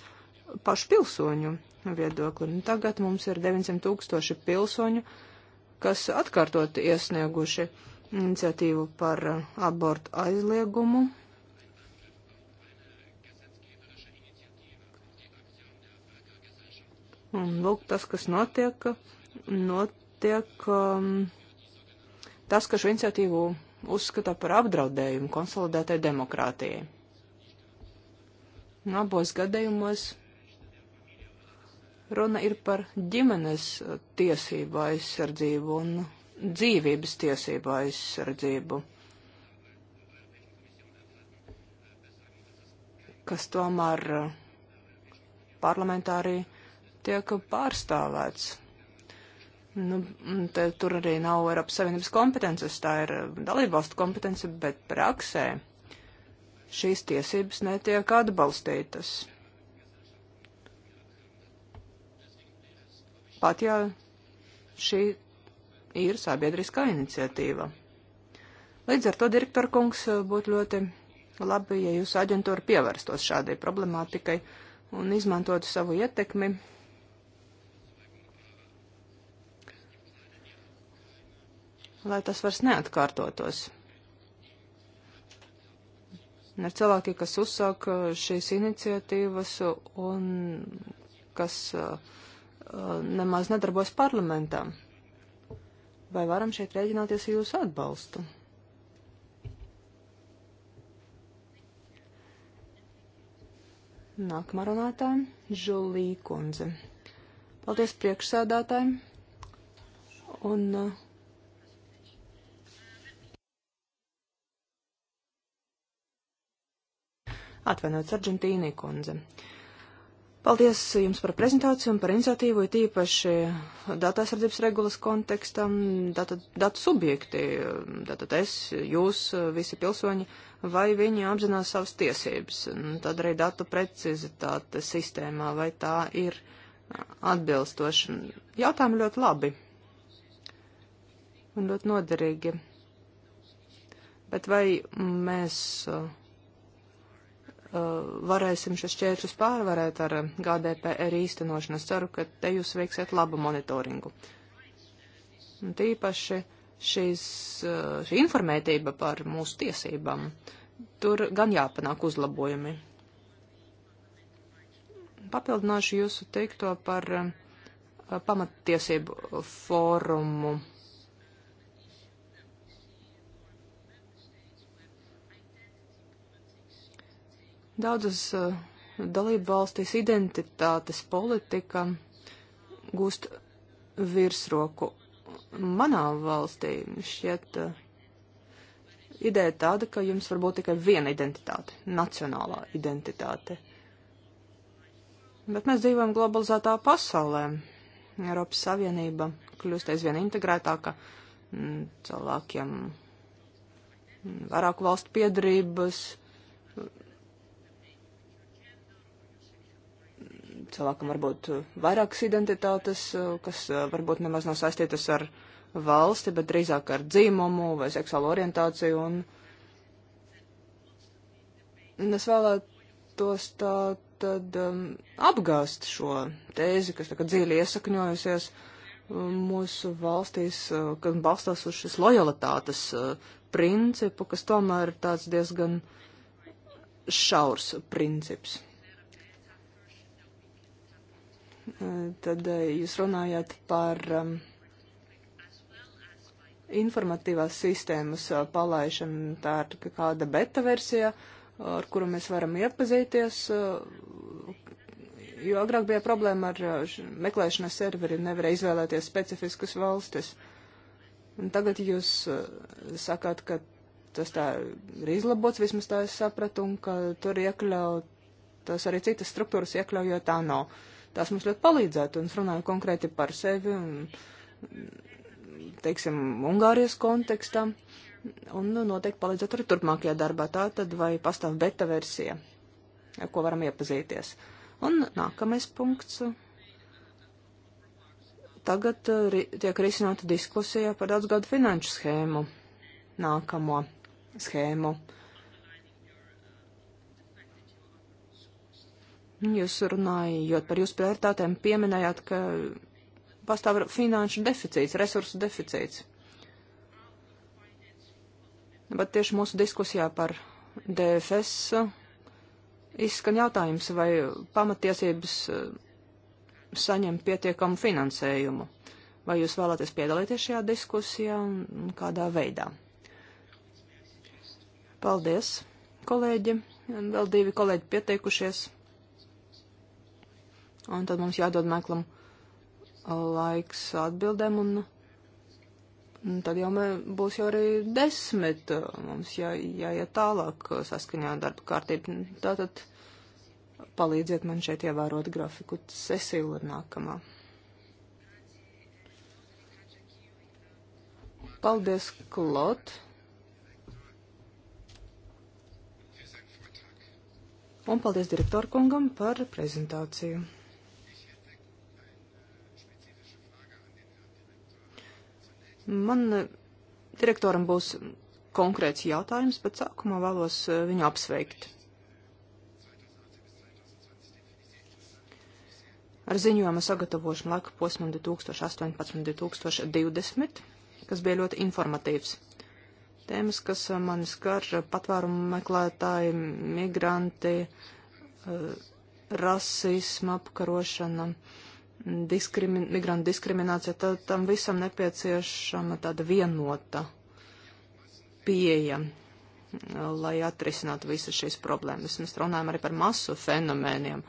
pašu pilsoņu viedokli. Un nu, tagad mums ir 900 tūkstoši pilsoņu, kas atkārtot iesnieguši iniciatīvu par uh, abortu aizliegumu. Un lūk, tas, kas notiek, notiek um, tas, ka šo iniciatīvu uzskata par apdraudējumu konsolidētai demokrātijai. Un abos gadījumos Runa ir par ģimenes tiesību aizsardzību un dzīvības tiesību aizsardzību, kas tomēr parlamentā arī tiek pārstāvēts. Nu, te, tur arī nav Eiropas Savienības kompetences, tā ir dalībvalstu kompetence, bet praksē šīs tiesības netiek atbalstītas. pat ja šī ir sabiedriskā iniciatīva. Līdz ar to, direktor kungs, būtu ļoti labi, ja jūsu aģentūra pievērstos šādai problemātikai un izmantotu savu ietekmi. Lai tas vairs neatkārtotos. Un ir cilvēki, kas uzsāk uh, šīs iniciatīvas un kas uh, nemaz nedarbos parlamentā. Vai varam šeit rēģināties ar jūsu atbalstu? Nākamā runātāja - Žulī kundze. Paldies priekšsēdātājiem. Un uh, atvainojiet, Sargentīnī kundze. Uh, Paldies jums par prezentāciju un par iniciatīvu, it īpaši datāsardzības regulas kontekstam, tātad datu subjekti, tātad es, jūs, visi pilsoņi, vai viņi apzinās savas tiesības, tad arī datu precizitāte sistēmā, vai tā ir atbilstoša. Jautājumi ļoti labi un ļoti noderīgi. Bet vai mēs. Uh, Eh, varēsim šos šķēršļus pārvarēt ar eh, GDPR īstenošanu. Es ceru, ka te jūs veiksiet labu monitoringu. Un tīpaši šīs, eh, šī informētība par mūsu tiesībām, tur gan jāpanāk uzlabojumi. Papildināšu jūsu teikto par pamattiesību fórumu. Daudzas eh, dalību valstīs identitātes politika gūst virsroku. Manā valstī šķiet eh, ideja tāda, ka jums var būt tikai viena identitāte - nacionālā identitāte. Bet mēs dzīvojam globalizētā pasaulē. Eiropas Savienība kļūst aizvien integrētāka, mm, cilvēkiem vairāku valstu piedrības, Cilvēkam var būt eh, vairākas identitātes, eh, kas eh, varbūt nemaz nav saistītas ar valsti, bet drīzāk ar dzīmumu vai seksuālu orientāciju. Un es vēlētos tā tad um, apgāst šo tēzi, kas tagad dzīvi iesakņojusies um, mūsu valstīs, uh, kas balstās uz šis lojalitātes uh, principu, kas tomēr ir tāds diezgan šaurs princips. Tad eh, jūs runājāt par um, informatīvās sistēmas uh, palaišanu, tā ir kāda beta versija, ar kuru mēs varam iepazīties, uh, jo agrāk bija problēma ar uh, meklēšanas serveriem, nevarēja izvēlēties specifiskas valstis. Un tagad jūs sakāt, ka tas tā ir izlabots, vismaz tā es sapratu, un ka tur iekļautas arī citas struktūras, iekļaujot ANO. Uh, Tas mums ļoti palīdzētu, un es runāju konkrēti par sevi, un, teiksim, Ungārijas kontekstā, un nu, noteikti palīdzētu arī turpmākajā darbā. Tā tad vai pastāv beta versija, ar ko varam iepazīties. Un nākamais punkts. Tagad uh, ri, tiek risināta diskusija par daudzgadu finanšu schēmu, nākamo schēmu. Uh, Jūs runājot par jūsu prioritātēm, pieminējāt, ka pastāv finanšu deficīts, resursu deficīts. Bet tieši mūsu diskusijā par DFS izskan jautājums, vai pamatiesības eh, saņem pietiekamu finansējumu. Vai jūs vēlaties piedalīties šajā diskusijā un kādā veidā? Paldies, kolēģi. Vēl divi kolēģi pieteikušies. Un tad mums jādod meklam uh, laiks atbildēm, un, un tad jau mē, būs jau arī desmit. Uh, mums jā, jāiet tālāk uh, saskaņā darba kārtību. Tātad palīdziet man šeit ievērot grafiku. Cecīla ir nākamā. Paldies, Klot. Un paldies direktorkungam par prezentāciju. Man eh, direktoram būs konkrēts jautājums, bet sākumā vēlos eh, viņu apsveikt. Ar ziņojuma sagatavošanu laika posmam 2018-2020, kas bija ļoti informatīvs. Tēmas, kas eh, mani skar patvērumu meklētāji, migranti, rasisma apkarošana. Uh, diskrimi migrantu diskriminācija, tad tam visam nepieciešama tāda vienota pieeja, lai atrisinātu visas šīs problēmas. Mēs runājam arī par masu fenomēniem,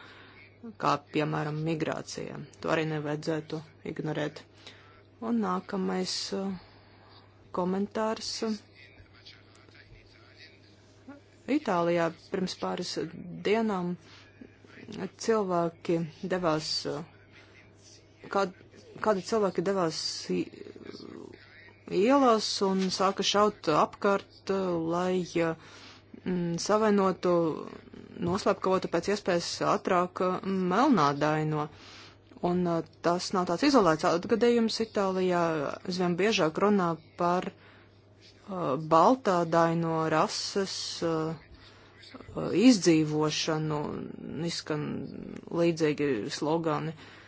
kā piemēram migrācija. To arī nevajadzētu ignorēt. Un nākamais uh, komentārs. Itālijā pirms pāris dienām cilvēki devās uh, kād, kādi cilvēki devās ielās un sāka šaut apkārt, lai mm, savainotu noslēpkavotu pēc iespējas ātrāk melnādaino. Un tas nav tāds izolēts atgadījums. Itālijā aizvien biežāk runā par uh, baltādaino rases uh, izdzīvošanu, izskan līdzīgi slogani. Uh,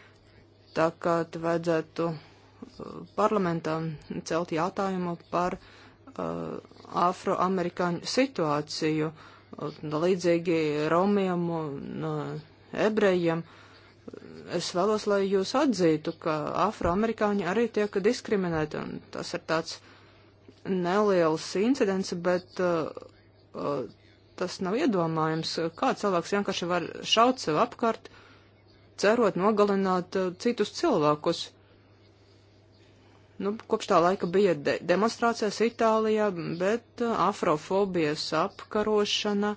Tā kā te vajadzētu uh, parlamentam celt jautājumu par uh, afroamerikāņu situāciju, uh, līdzīgi romiem un uh, ebrejiem. Es vēlos, lai jūs atzītu, ka afroamerikāņi arī tiek diskriminēti, un tas ir tāds neliels incidents, bet uh, uh, tas nav iedomājams, kā cilvēks vienkārši var šaut sev apkārt, uh, cerot nogalināt uh, citus cilvēkus. Nu, kopš tā laika bija de demonstrācijas Itālijā, bet uh, afrofobijas apkarošana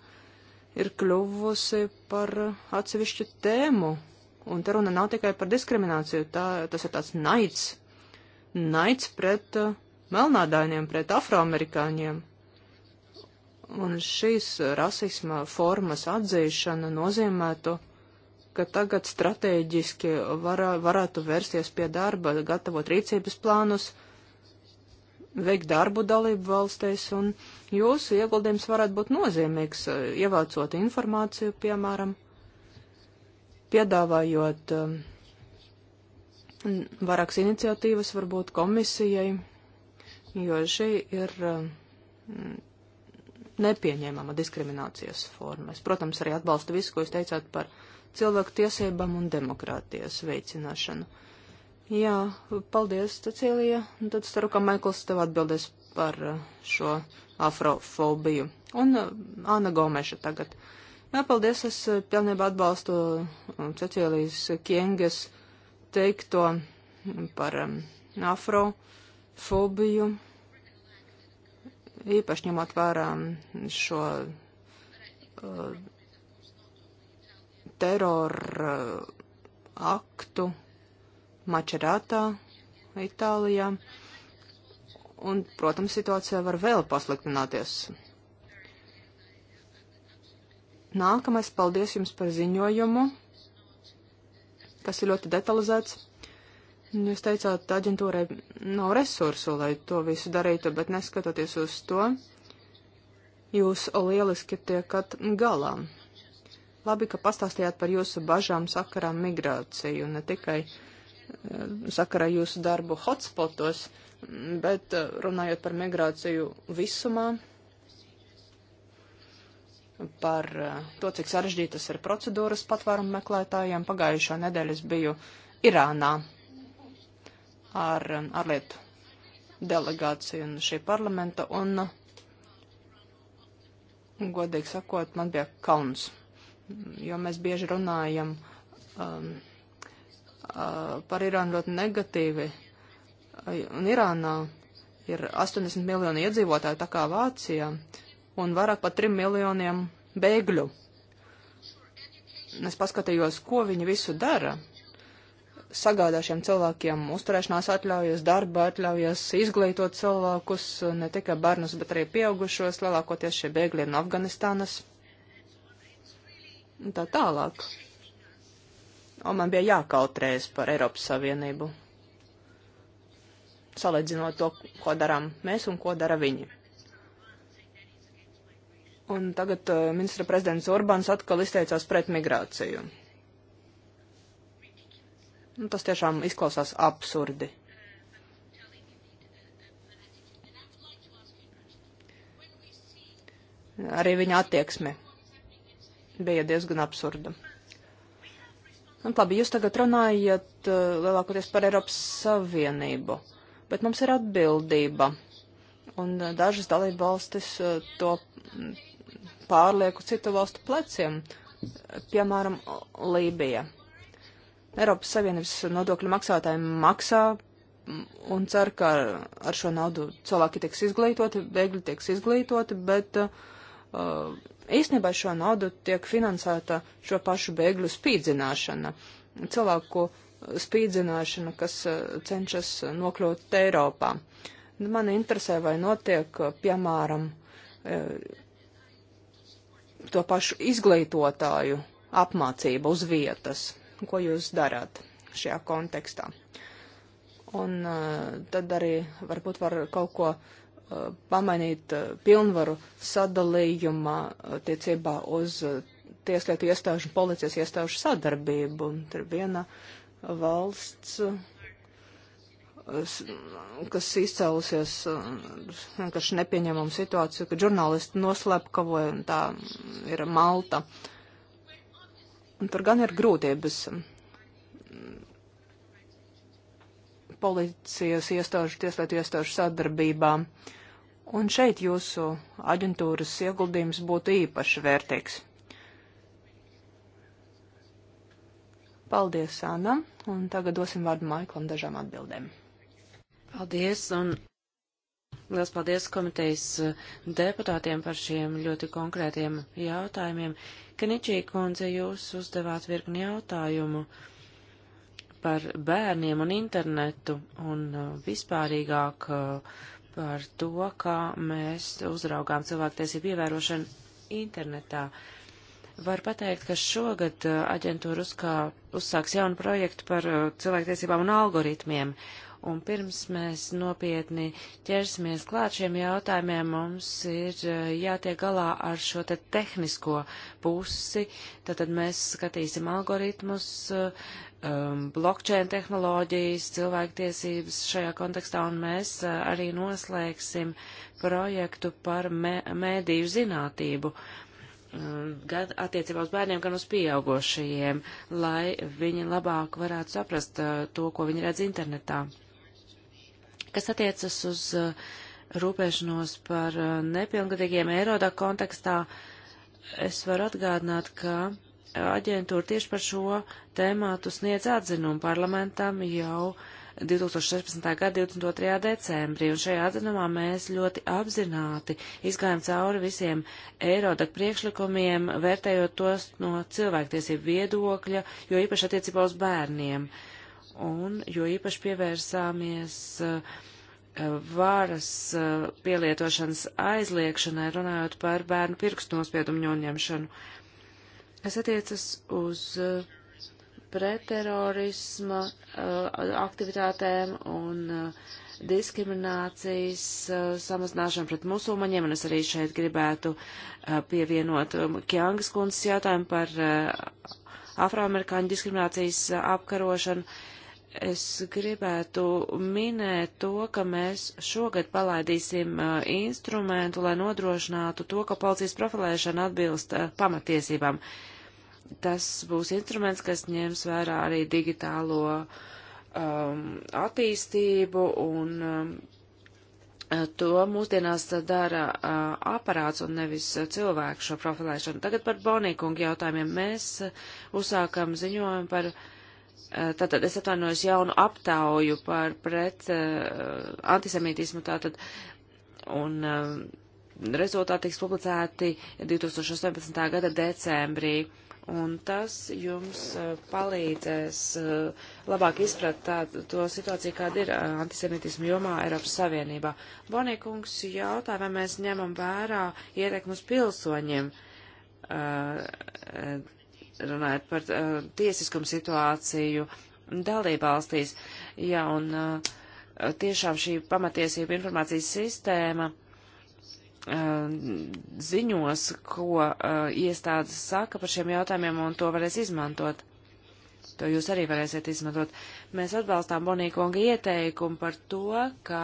ir kļuvusi par uh, atsevišķu tēmu. Un te runa nav tikai par diskrimināciju, tā, tas ir tāds naids. Naids pret uh, melnādainiem, pret afroamerikāņiem. Un šīs rasisma formas atzīšana nozīmētu. To ka tagad strateģiski varā, varētu vērsties pie darba, gatavot rīcības plānus, veikt darbu dalību valstīs, un jūsu ieguldījums varētu būt nozīmīgs, ievācot informāciju, piemēram, piedāvājot um, vairākas iniciatīvas varbūt komisijai, jo šī ir um, nepieņēmama diskriminācijas forma. Es, protams, arī atbalstu visu, ko jūs teicāt par cilvēku tiesībām un demokrātijas veicināšanu. Jā, paldies, Cecīlija. Un tad ceru, ka Maikls tev atbildēs par uh, šo afrofobiju. Un Āna uh, Gomeša tagad. Jā, paldies, es uh, pilnībā atbalstu um, Cecīlijas Kienges teikto par um, afrofobiju. Īpaši ņemot vērā um, šo uh, terora aktu Mačerātā, Itālijā. Un, protams, situācija var vēl pasliktināties. Nākamais paldies jums par ziņojumu, kas ir ļoti detalizēts. Nu, jūs teicāt, aģentūrai nav resursu, lai to visu darītu, bet neskatoties uz to, jūs lieliski tiekat galām Labi, ka pastāstījāt par jūsu bažām sakarā migrāciju, ne tikai eh, sakarā jūsu darbu hotspotos, bet eh, runājot par migrāciju visumā, par eh, to, cik sarežģītas ir procedūras patvērumu meklētājiem. Pagājušā nedēļa es biju Irānā ar ārlietu delegāciju un šī parlamenta, un, godīgi sakot, man bija kauns jo mēs bieži runājam um, uh, par Irānu ļoti negatīvi. Un Irānā ir 80 miljoni iedzīvotāji, tā kā Vācijā, un vairāk par 3 miljoniem bēgļu. Es paskatījos, ko viņi visu dara. Sagādā šiem cilvēkiem uzturēšanās atļaujas, darba atļaujas, izglītot cilvēkus, ne tikai bērnus, bet arī pieaugušos, lielākoties šie bēgļi ir no Afganistānas un tā tālāk. Un man bija jākautrējas par Eiropas Savienību, salīdzinot to, ko darām mēs un ko dara viņi. Un tagad uh, ministra prezidents Orbāns atkal izteicās pret migrāciju. Nu, tas tiešām izklausās absurdi. Arī viņa attieksme bija diezgan absurda. Un, nu, labi, jūs tagad runājat uh, lielākoties par Eiropas Savienību, bet mums ir atbildība, un uh, dažas dalība valstis uh, to pārlieku citu valstu pleciem, piemēram, Lībija. Eiropas Savienības nodokļu maksātājiem maksā un cer, ka ar šo naudu cilvēki tieks izglītoti, bēgļi tieks izglītoti, bet uh, īstenībā šo naudu tiek finansēta šo pašu bēgļu spīdzināšana, cilvēku uh, spīdzināšana, kas uh, cenšas uh, nokļūt Eiropā. Nu, man interesē, vai notiek, piemēram, to pašu izglītotāju apmācība uz vietas, ko jūs darāt šajā kontekstā. Un tad arī varbūt var kaut ko Uh, pamainīt uh, pilnvaru sadalījumā tiecībā uz uh, tieslietu iestāžu un policijas iestāžu sadarbību. Tur viena valsts, kas izcēlusies vienkārši nepieņemamu situāciju, ka žurnālisti noslepkavoja, un tā ir Malta. Un tur gan ir grūtības policijas iestāžu, tieslietu iestāžu sadarbībām. Un šeit jūsu aģentūras ieguldījums būtu īpaši vērtīgs. Paldies, Anna, un tagad dosim vārdu Maiklam dažām atbildēm. Paldies, un Liels paldies komitejas eh, deputātiem par šiem ļoti konkrētiem jautājumiem. Keničī kundze, jūs uzdevāt virkni jautājumu. Uh, par bērniem un internetu un uh, vispārīgāk uh, par to, kā mēs uzraugām cilvēktiesību ievērošanu internetā. Var pateikt, ka šogad uh, aģentūra uzkā, uzsāks jaunu projektu par cilvēktiesībām un algoritmiem, Un pirms mēs nopietni ķersimies klāt šiem jautājumiem, mums ir eh, jātiek galā ar šo te tehnisko pusi. Tātad mēs skatīsim algoritmus, eh, um, blockchain tehnoloģijas, cilvēktiesības šajā kontekstā, un mēs eh, arī noslēgsim projektu par mēdīju zinātību um, gan attiecībā uz bērniem, gan uz pieaugošajiem, lai viņi labāk varētu saprast uh, to, ko viņi redz internetā. Kas attiecas uz uh, rūpēšanos par uh, nepilngadīgiem Eirodā kontekstā, es varu atgādināt, ka uh, aģentūra tieši par šo tēmātu sniedz atzinumu parlamentam jau 2016. gada 22. decembrī, un šajā atzinumā mēs ļoti apzināti izgājām cauri visiem Eirodak priekšlikumiem, vērtējot tos no cilvēktiesību viedokļa, jo īpaši attiecībā uz bērniem. Uh, un jo īpaši pievērsāmies eh, varas eh, pielietošanas aizliekšanai, runājot par bērnu pirkstu nospiedumu ņoņemšanu. Tas attiecas uz eh, pretterorisma aktivitātēm un diskriminācijas samazināšanu pret musulmaņiem, un es arī šeit gribētu pievienot um, Kjangas kundzes jautājumu par afroamerikāņu diskriminācijas apkarošanu. Uh, Es gribētu minēt to, ka mēs šogad palaidīsim uh, instrumentu, lai nodrošinātu to, ka policijas profilēšana atbilst uh, pamatiesībām. Tas būs instruments, kas ņems vērā arī digitālo um, attīstību un um, to mūsdienās dara uh, aparāts un nevis cilvēku šo profilēšanu. Tagad par Bonīkungu jautājumiem. Mēs uzsākam ziņojumu par uh, Eh, tātad es atvainojos jaunu aptauju par pret eh, antisemītismu, tātad, un eh, rezultāti tiks publicēti 2018. gada decembrī un tas jums palīdzēs labāk izprat tā, to situāciju, kāda ir antisemītismu jomā Eiropas Savienībā. Bonīkungs jautā, vai mēs ņemam vērā ietekmus pilsoņiem runājot par uh, tiesiskumu situāciju dalībvalstīs. Jā, un uh, tiešām šī pamatiesība informācijas sistēma uh, ziņos, ko uh, iestādes saka par šiem jautājumiem, un to varēs izmantot. To jūs arī varēsiet izmantot. Mēs atbalstām Bonīkonga ieteikumu par to, ka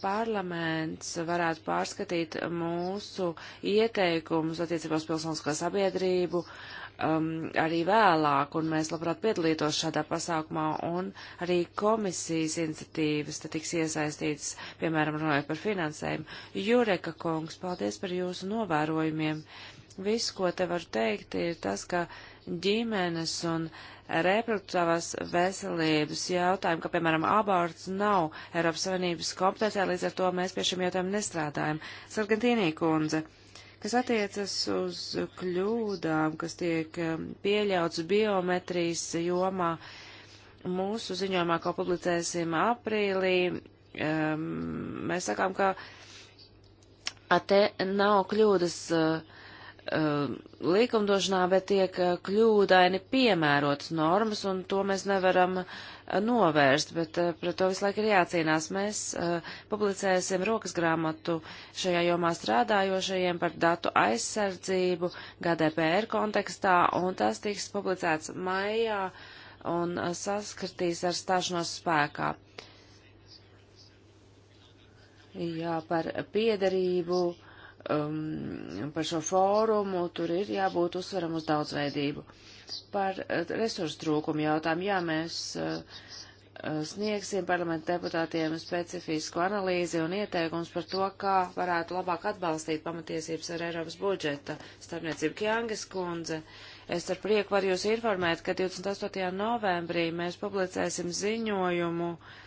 parlaments varētu pārskatīt mūsu ieteikumus attiecībā uz pilsoniskā sabiedrību, uh, um, arī vēlāk, un mēs labprāt piedalītos šādā pasākumā, un arī komisijas iniciatīvas te tiks iesaistītas, piemēram, runājot par finansējumu. Jureka kungs, paldies par jūsu novērojumiem. Viss, ko te varu teikt, ir tas, ka ģimenes un reproduktīvās veselības jautājumi, ka, piemēram, aborts nav Eiropas Savienības kompetencijā, līdz ar to mēs pie šiem jautājumiem nestrādājam. Sargantīnī kundze. Kas attiecas uz kļūdām, kas tiek um, pieļauts biometrijas jomā, mūsu ziņojumā, ko publicēsim aprīlī, um, mēs sakām, ka te nav kļūdas uh, Uh, likumdošanā, bet tiek uh, kļūdaini piemērotas normas, un to mēs nevaram uh, novērst, bet pret to visu laiku ir jācīnās. Mēs publicēsim rokas grāmatu šajā jomā strādājošajiem par datu aizsardzību GDPR kontekstā, un tas tiks publicēts maijā un saskatīs ar stāšanos spēkā. Jā, par piederību um, par šo fórumu, tur ir jābūt uzsveram uz daudzveidību. Par uh, resursu trūkumu jautājumu, jā, mēs uh, sniegsim parlamentu deputātiem specifisku analīzi un ieteikums par to, kā varētu labāk atbalstīt pamatiesības ar Eiropas budžeta starpniecību Kjangas kundze. Es ar prieku varu jūs informēt, ka 28. novembrī mēs publicēsim ziņojumu uh,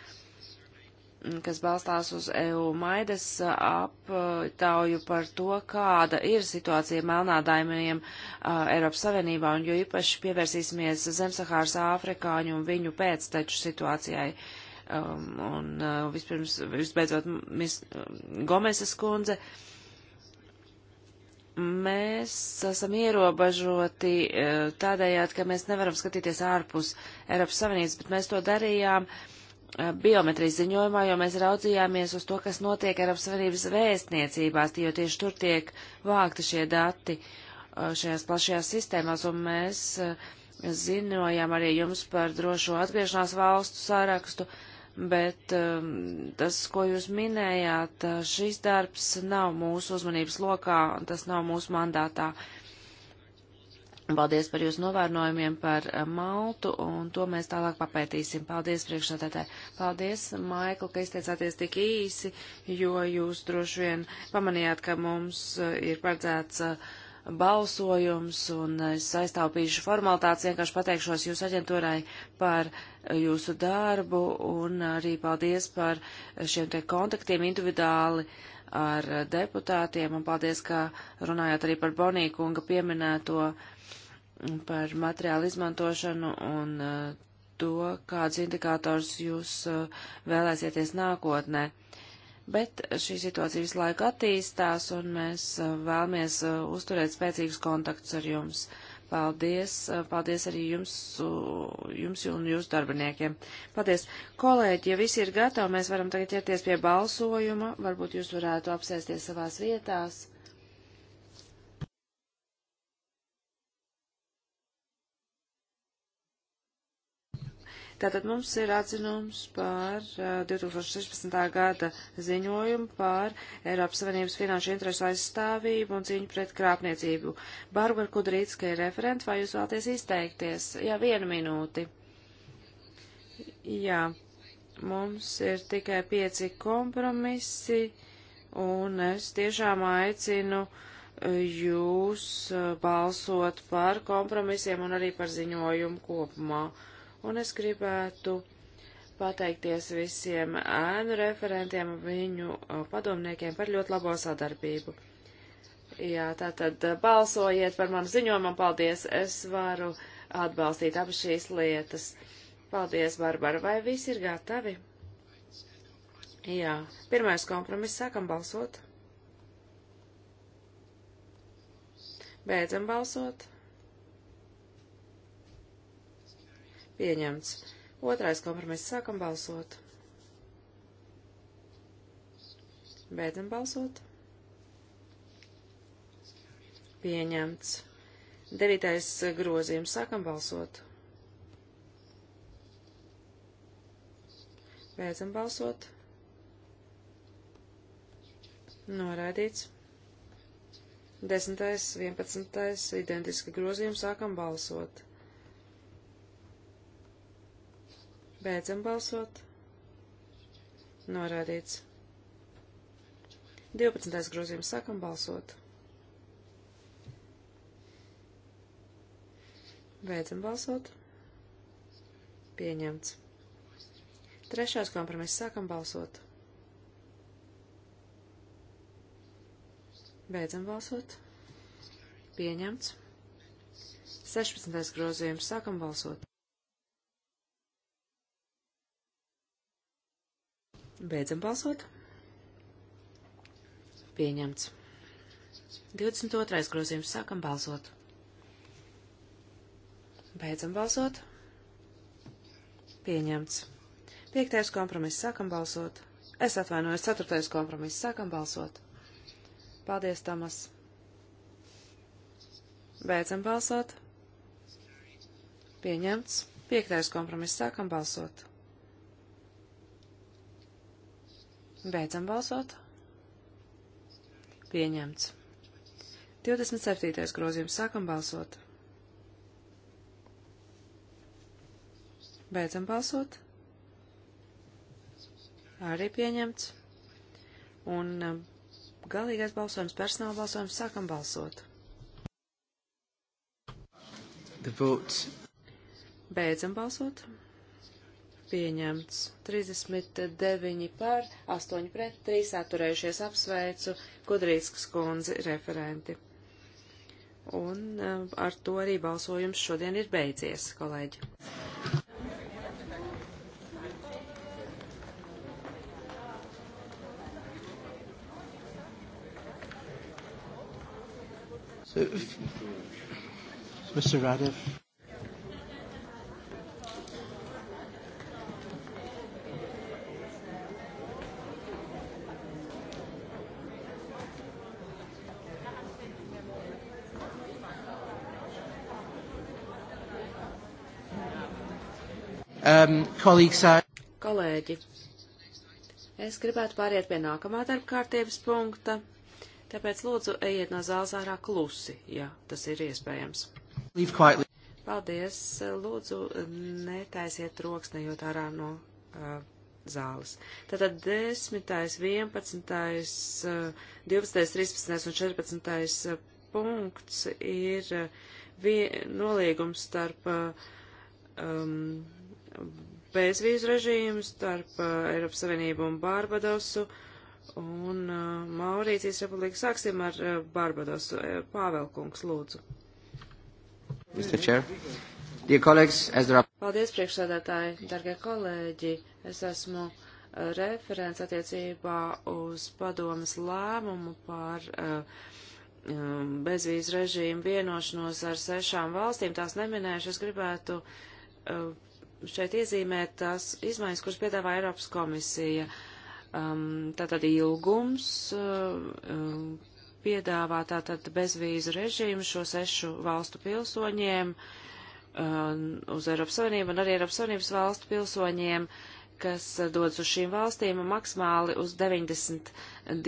kas balstās uz EU maidas aptauju par to, kāda ir situācija melnādājumiem Eiropas Savienībā, un jo īpaši pievērsīsimies Zemsahāras Āfrikāņu un viņu pēcteču situācijai. Um, un uh, vispirms, visbeidzot, mis, Gomesas kundze, mēs esam ierobežoti uh, tādējādi, ka mēs nevaram skatīties ārpus Eiropas Savienības, bet mēs to darījām uh, Eh, biometrijas ziņojumā, jo mēs raudzījāmies uz to, kas notiek Eiropas Savienības vēstniecībās, jo tieši tur tiek vākti šie dati eh, šajās plašajās sistēmās, un mēs eh, ziņojām arī jums par drošo atgriešanās valstu sārakstu, bet tas, ko jūs minējāt, šis darbs nav mūsu uzmanības lokā, un tas nav mūsu mandātā. Uh, Paldies par jūsu novērojumiem par eh, Maltu, un to mēs tālāk papētīsim. Paldies priekšsādātāji. Paldies, Maikl, ka izteicāties tik īsi, jo jūs droši vien pamanījāt, ka mums eh, ir paredzēts eh, balsojums, un es aiztaupīšu formalitātes, vienkārši pateikšos jūsu aģentūrai par jūsu darbu, un arī paldies par šiem te kontaktiem individuāli ar deputātiem, un paldies, ka runājāt arī par Bonīku un ka pieminēto par materiālu izmantošanu un eh, to, kādus indikātors jūs eh, vēlēsieties nākotnē. Bet šī situācija visu laiku attīstās, un mēs eh, vēlamies uzturēt spēcīgus kontaktus ar jums. Paldies, paldies arī jums, jums un jūsu darbiniekiem. Paldies, kolēģi, ja visi ir gatavi, mēs varam tagad ķerties pie balsojuma. Varbūt jūs varētu apsēsties savās vietās. Tātad mums ir atzinums par 2016. gada ziņojumu par Eiropas Savienības finanšu interesu aizstāvību un cīņu pret krāpniecību. Barbara Kudrītska ir referents, vai jūs vēlaties izteikties? Jā, vienu minūti. Jā, mums ir tikai pieci kompromisi, un es tiešām aicinu jūs balsot par kompromisiem un arī par ziņojumu kopumā un es gribētu pateikties visiem ēnu referentiem un viņu padomniekiem par ļoti labo sadarbību. Jā, tātad eh, balsojiet par manu ziņojumu, paldies, es varu atbalstīt abas šīs lietas. Paldies, Barbara, vai visi ir gatavi? Jā, pirmais kompromiss, sākam balsot. Beidzam balsot. pieņemts. Otrais kompromiss sākam balsot. Beidzam balsot. Pieņemts. Devītais grozījums sākam balsot. Beidzam balsot. Noraidīts. 10. 11. identiski grozījumi sākam balsot. Beidzam balsot. Norādīts. 12. grozījums sākam balsot. Beidzam balsot. Pieņemts. Trešais kompromiss sākam balsot. Beidzam balsot. Pieņemts. 16. grozījums sākam balsot. Beidzam balsot. Pieņemts. 22. grozījums. Sākam balsot. Beidzam balsot. Pieņemts. 5. kompromiss. Sākam balsot. Es atvainojos. 4. kompromiss. Sākam balsot. Paldies, Tamas. Beidzam balsot. Pieņemts. 5. kompromiss. Sākam balsot. Beidzam balsot. Pieņemts. 27. grozījums. Sākam balsot. Beidzam balsot. Arī pieņemts. Un um, galīgais balsojums, personāla balsojums. Sākam balsot. Beidzam balsot pieņemts 39 par, 8 pret, 3 atturējušies apsveicu Kudrīskas kundzi referenti. Un eh, ar to arī balsojums šodien ir beidzies, kolēģi. So, Mr. Radev. Kolēģi, es gribētu pāriet pie nākamā darba kārtības punkta, tāpēc lūdzu ejiet no zāles ārā klusi, ja tas ir iespējams. Paldies, lūdzu netaisiet roksnējot ārā no uh, zāles. Tātad 10., 11., 12., 13. un 14. Uh, punkts ir uh, vie, nolīgums starp uh, um, bezvīzu režīmu starp uh, Eiropas Savienību un Barbadosu un uh, Maurīcijas republiku. Sāksim ar uh, Barbadosu. Pāvelkungs, lūdzu. Mr. Chair. Dear colleagues, as there are... Paldies, priekšsādātāji, dargie kolēģi. Es esmu referents attiecībā uz padomas lēmumu par uh, um, bezvīzu režīmu vienošanos ar sešām valstīm. Tās neminējuši, es gribētu uh, šeit iezīmēt tās izmaiņas, kuras piedāvā Eiropas komisija. Um, tātad ilgums uh, um, piedāvā tātad bezvīzu režīmu šo sešu valstu pilsoņiem um, uz Eiropas Savienību un arī Eiropas Savienības valstu pilsoņiem, kas uh, dodas uz šīm valstīm maksimāli uz 90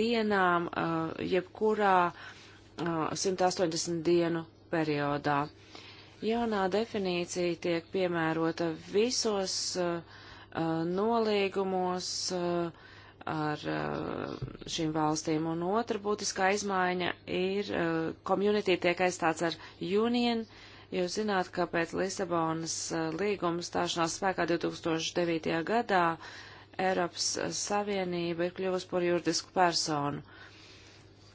dienām, uh, jebkurā uh, 180 dienu periodā. Uh, Jaunā definīcija tiek piemērota visos uh, uh, nolīgumos uh, ar uh, šīm valstīm, un otra būtiskā izmaiņa ir uh, community tiek aizstāts ar union. Jūs zināt, ka pēc Lisabonas uh, līguma stāšanās spēkā 2009. gadā Eiropas Savienība ir kļuvusi par juridisku personu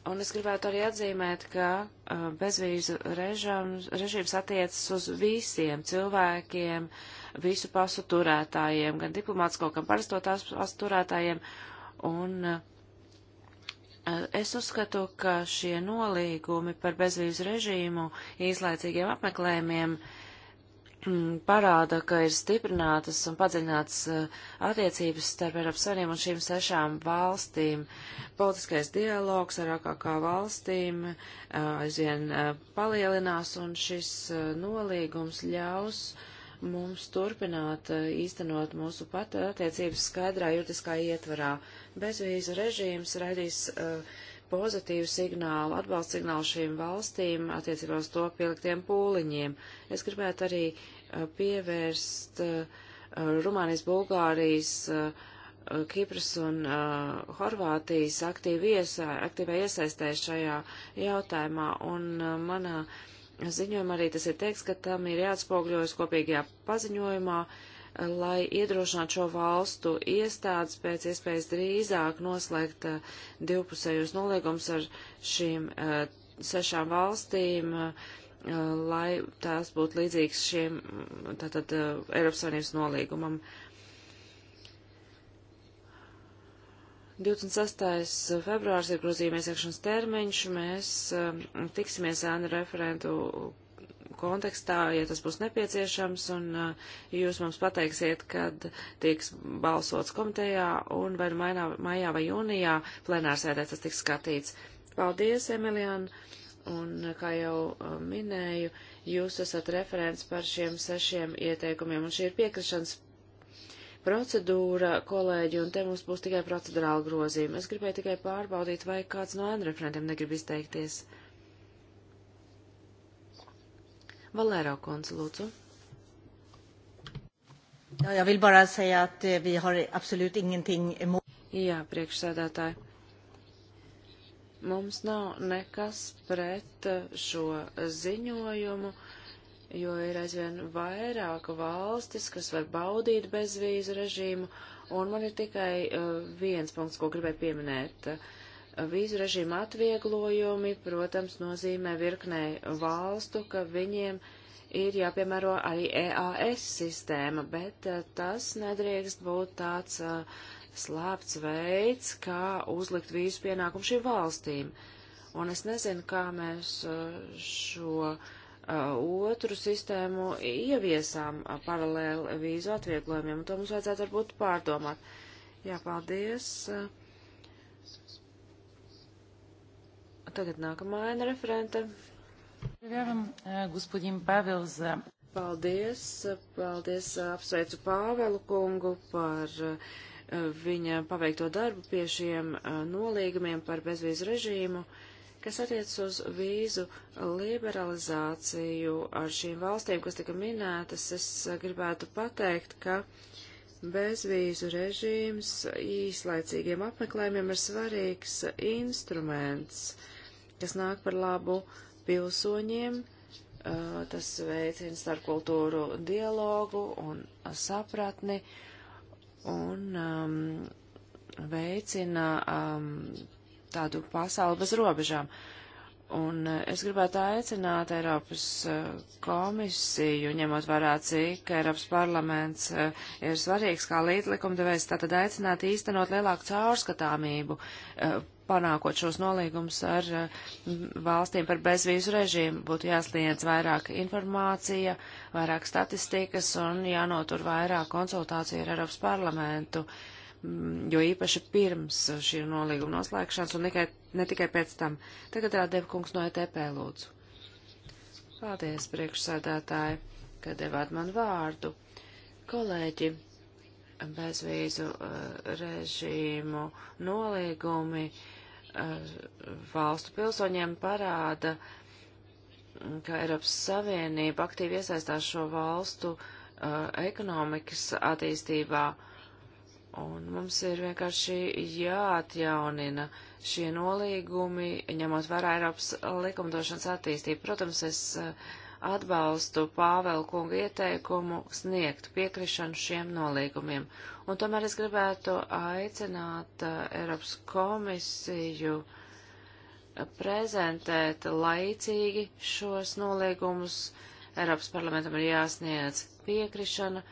Un es gribētu arī atzīmēt, ka uh, bezvīzu režams, režīms attiecas uz visiem cilvēkiem, visu pasu turētājiem, gan diplomātsko, gan parasto tās pasu turētājiem. Un uh, es uzskatu, ka šie nolīgumi par bezvīzu režīmu īslaicīgiem apmeklējumiem uh, Mm, parāda, ka ir stiprinātas un padziļinātas eh, attiecības starp Eiropas Savienību un šīm sešām valstīm. Politiskais dialogs ar AKK valstīm eh, aizvien eh, palielinās, un šis nolīgums ļaus mums turpināt īstenot mūsu pat attiecības skaidrā juridiskā ietvarā. Bezvīzu režīms radīs uh, pozitīvu signālu, atbalstu signālu šīm valstīm attiecībā uz to pieliktiem pūliņiem. Es gribētu arī uh, pievērst uh, Rumānijas, Bulgārijas, uh, Kipras un uh, Horvātijas aktīvi iesa, aktīvai iesaistēs šajā jautājumā. Un uh, manā ziņojumā arī tas ir teiks, ka tam ir jāatspogļojas kopīgajā paziņojumā, uh, lai iedrošinātu šo valstu iestādes pēc iespējas drīzāk noslēgt uh, divpusējos noliegums ar šīm uh, sešām valstīm, uh, lai tās būtu līdzīgas šiem tātad uh, Eiropas Savienības noliegumam. 26. februārs ir grozījuma iesniegšanas termiņš. Mēs um, tiksimies ēnu referentu kontekstā, ja tas būs nepieciešams, un uh, jūs mums pateiksiet, kad tiks balsots komitejā un vai nu mainā, maijā vai jūnijā plenārsēdē tas tiks skatīts. Paldies, Emilian! Un, uh, kā jau uh, minēju, jūs esat referents par šiem sešiem ieteikumiem, un šī ir piekrišanas procedūra, kolēģi, un te mums būs tikai procedurāla grozījuma. Es gribēju tikai pārbaudīt, vai kāds no Andrefrentiem negrib izteikties. Uh, Valero kundze, lūdzu. Jā, jā, vēl bara sēja, at eh, vi har absolūt ingenting emot. Jā, priekšsēdētāji. Mums nav nekas pret eh, šo ziņojumu, jo ir aizvien vairāk valstis, kas var baudīt bezvīzu režīmu, un man ir tikai uh, viens punkts, ko gribēju pieminēt. Uh, vīzu režīma atvieglojumi, protams, nozīmē virknei valstu, ka viņiem ir jāpiemēro arī EAS sistēma, bet eh, tas nedrīkst būt tāds eh, slēpts veids, kā uzlikt vīzu pienākumu šīm valstīm. Un es nezinu, kā mēs eh, šo otru sistēmu ieviesām paralēli vīzu atvieglojumiem, un to mums vajadzētu varbūt pārdomāt. Jā, paldies. Uh, Tagad nākamā aina referente. E, gospodin Pāvils. Paldies, paldies, e, apsveicu Pāvelu kungu par e, viņa paveikto darbu pie šiem nolīgumiem par bezvīzu režīmu, kas attiec uz vīzu liberalizāciju ar šīm valstīm, kas tika minētas. Es gribētu pateikt, ka bezvīzu režīms īslaicīgiem apmeklējumiem ir svarīgs instruments kas nāk par labu pilsoņiem, tas veicina starpkultūru dialogu un sapratni un um, veicina um, tādu pasauli bez robežām. Uh, Un eh, es gribētu aicināt Eiropas eh, komisiju, ņemot vērā, cik Eiropas parlaments eh, ir svarīgs kā līdzlikumdevējs, tātad aicināt īstenot lielāku caurskatāmību, panākot šos nolīgumus ar valstīm par bezvīzu režīmu. Būtu jāsniedz vairāk informācija, vairāk statistikas un jānotur vairāk konsultāciju ar Eiropas parlamentu. Uh, Mm, jo īpaši pirms šī nolīguma noslēgšanas un tikai, ne tikai pēc tam. Tagad rādēv kungs no ETP lūdzu. Paldies, priekšsēdētāji, ka devāt man vārdu. Kolēģi, bezvīzu uh, režīmu nolīgumi uh, valstu pilsoņiem parāda, mm, ka Eiropas Savienība aktīvi iesaistās šo valstu uh, ekonomikas attīstībā. Uh, Un mums ir vienkārši jāatjaunina šie nolīgumi, ņemot vērā Eiropas likumdošanas attīstību. Protams, es eh, atbalstu Pāvela kunga ieteikumu sniegt piekrišanu šiem nolīgumiem. Un tomēr es gribētu aicināt eh, Eiropas komisiju eh, prezentēt laicīgi šos nolīgumus. Eiropas parlamentam ir jāsniedz piekrišana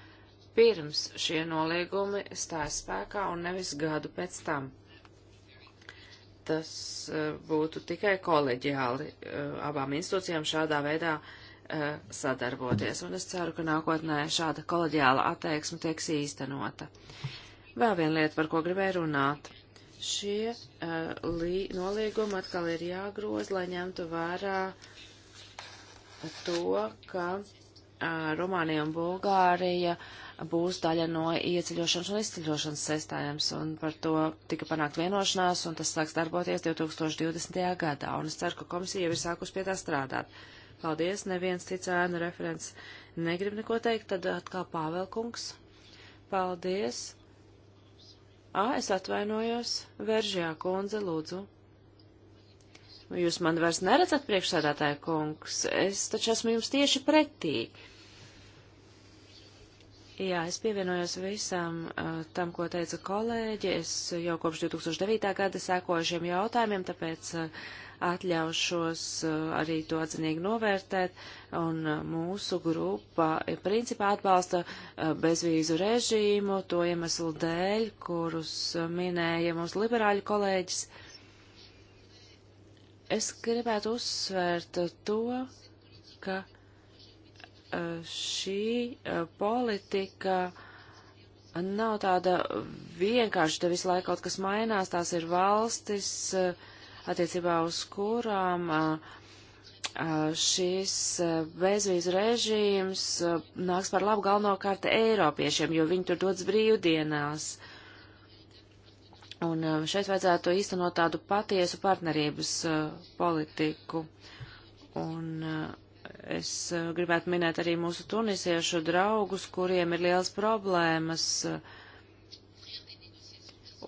pirms šie noliegumi stājas spēkā un nevis gadu pēc tam. Tas e, būtu tikai koleģiāli e, abām institūcijām šādā veidā e, sadarboties, un es ceru, ka nākotnē šāda koleģiāla attieksme tieks īstenota. Vēl viena lieta, par ko gribēju runāt šie uh, lī, noliegumi atkal ir jāgroz, lai ņemtu vērā to, ka uh, Rumānija un Bulgārija būs daļa no ieceļošanas un izceļošanas sistēmas, un par to tika panākt vienošanās, un tas sāks darboties 2020. gadā, un es ceru, ka komisija jau ir sākus pie tā strādāt. Paldies, neviens cits ēnu referents negrib neko teikt, tad atkal Pāvelkungs. Paldies. Ā, es atvainojos, Veržjā kundze, lūdzu. Jūs mani vairs neredzat priekšsēdētāja kungs, es taču esmu jums tieši pretī. Uh, Jā, es pievienojos visam uh, tam, ko teica kolēģi. Es jau kopš 2009. gada sekoju šiem jautājumiem, tāpēc uh, atļaušos uh, arī to atzinīgi novērtēt. Un uh, mūsu grupa principā atbalsta uh, bezvīzu režīmu to iemeslu dēļ, kurus uh, minēja mūsu liberāļu kolēģis. Es gribētu uzsvērt to, ka Eh, šī eh, politika nav tāda vienkārši, te visu laiku kaut kas mainās, tās ir valstis, eh, attiecībā uz kurām šīs bezvīzu režīms nāks par labu galvenokārt Eiropiešiem, jo viņi tur dodas brīvdienās. Un šeit vajadzētu īstenot tādu patiesu partnerības politiku. Un uh, Es eh, gribētu minēt arī mūsu tunisiešu draugus, kuriem ir liels problēmas eh,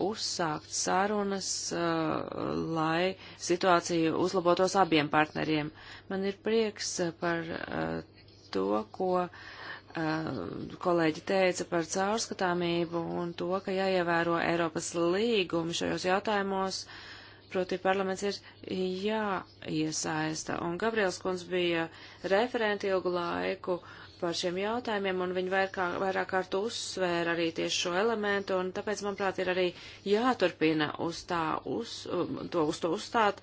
uzsākt sarunas, eh, lai situācija uzlabotos abiem partneriem. Man ir prieks par to, ko kolēģi teica par caurskatāmību un to, ka jāievēro Eiropas līgumi šajos jautājumos. Uh, proti parlaments ir jāiesaista. Un Gabriels kundz bija referenti ilgu laiku par šiem jautājumiem, un viņi vairāk, vairāk kārt uzsvēra arī tieši šo elementu, un tāpēc, manuprāt, ir arī jāturpina uz, tā, uz, um, to, uz to uzstāt,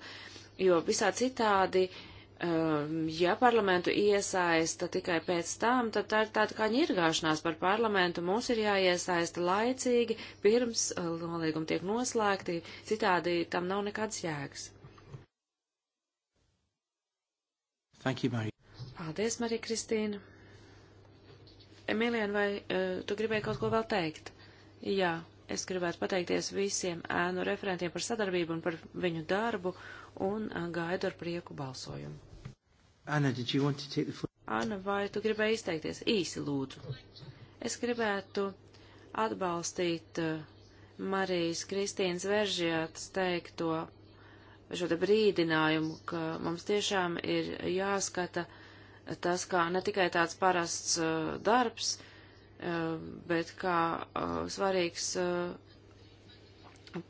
jo visā citādi uh, Um, ja parlamentu iesaista tikai pēc tam, tad tā ir tāda kā ņirgāšanās par parlamentu. Mums ir jāiesaista laicīgi, pirms uh, nolīgumi tiek noslēgti, citādi tam nav nekādas jēgas. Thank you, Marija. Paldies, Marija Kristīna. Emilian, vai uh, tu gribēji kaut ko vēl teikt? Jā, es gribētu pateikties visiem ēnu referentiem par sadarbību un par viņu darbu un uh, gaidu ar prieku balsojumu. Anna, did you want to take the floor? Anna, vai tu gribēji izteikties? Īsi lūdzu. Es gribētu atbalstīt eh, Marijas Kristīnas Veržijātas teikto šo te brīdinājumu, ka mums tiešām ir jāskata tas kā ne tikai tāds parasts uh, darbs, uh, bet kā uh, svarīgs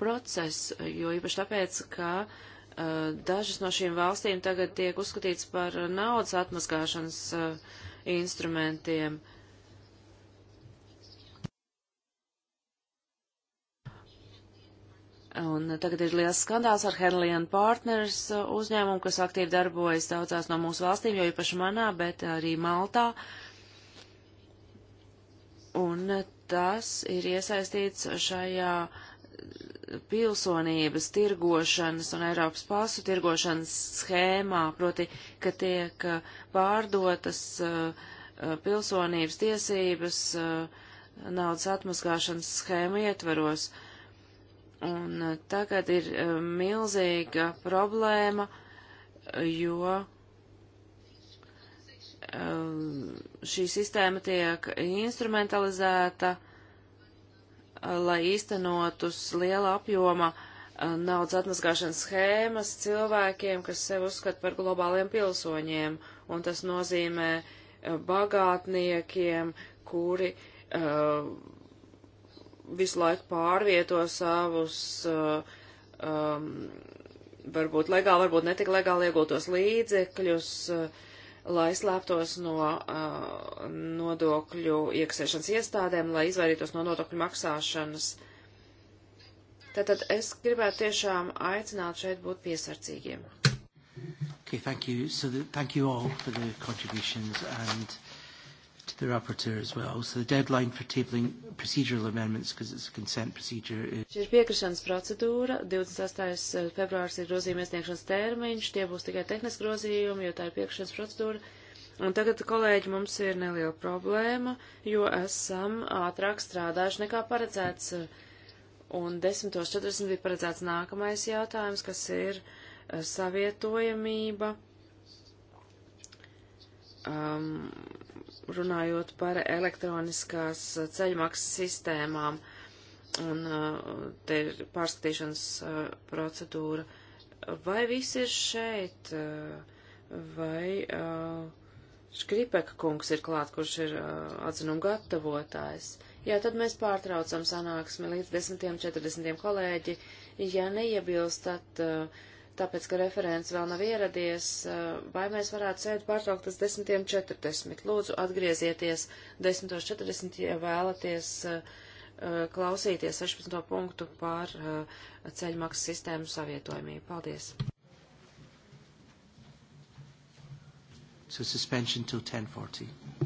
process, jo īpaši tāpēc, ka uh, Eh, dažas no šīm valstīm tagad tiek uzskatīts par naudas atmazgāšanas eh, instrumentiem. Un tagad ir liels skandāls ar Henlian Partners eh, uzņēmumu, kas aktīvi darbojas daudzās no mūsu valstīm, jo īpaši manā, bet arī Maltā. Un tas ir iesaistīts šajā pilsonības tirgošanas un Eiropas pasu tirgošanas schēmā, proti, ka tiek uh, pārdotas uh, uh, pilsonības tiesības naudas atmaskāšanas schēma ietvaros. Un tagad ir milzīga problēma, jo šī sistēma tiek instrumentalizēta uh, lai īstenotus liela apjoma eh, naudas atmaskāšanas schēmas cilvēkiem, kas sev uzskata par globāliem pilsoņiem, un tas nozīmē eh, bagātniekiem, kuri uh, visu laiku pārvieto savus uh, um, varbūt legāli, varbūt netik legāli iegūtos līdzekļus, uh, lai slēptos no uh, nodokļu iekasēšanas iestādēm, lai izvairītos no nodokļu maksāšanas. Tātad es gribētu tiešām aicināt šeit būt piesardzīgiem. Okay, thank you. So the, thank you all for the contributions and to the rapporteur as well. So the deadline for tabling procedural amendments, because it's a consent procedure, is... Šī ir piekrišanas procedūra. 28. Eh, februārs ir grozījuma iesniegšanas termiņš. Tie būs tikai tehniski grozījumi, jo tā ir piekrišanas procedūra. Un tagad, kolēģi, mums ir neliela problēma, jo esam ātrāk strādājuši nekā paredzēts. Un 10.40 bija paredzēts nākamais jautājums, kas ir eh, savietojamība. Um, runājot par elektroniskās ceļmaksas sistēmām, un uh, te ir pārskatīšanas uh, procedūra. Vai viss ir šeit, uh, vai Škripeka kungs ir klāt, kurš ir atzinuma gatavotājs? Jā, tad mēs pārtraucam sanāksmi līdz 10.40 kolēģi. Ja neiebilst, tad uh, tāpēc, ka referents vēl nav ieradies, eh, vai mēs varētu sēdi pārtraukt uz 10.40. Lūdzu, atgriezieties 10.40, ja vēlaties eh, klausīties 16. punktu par eh, ceļmaksas sistēmu savietojumību. Paldies! So suspension till 10.40.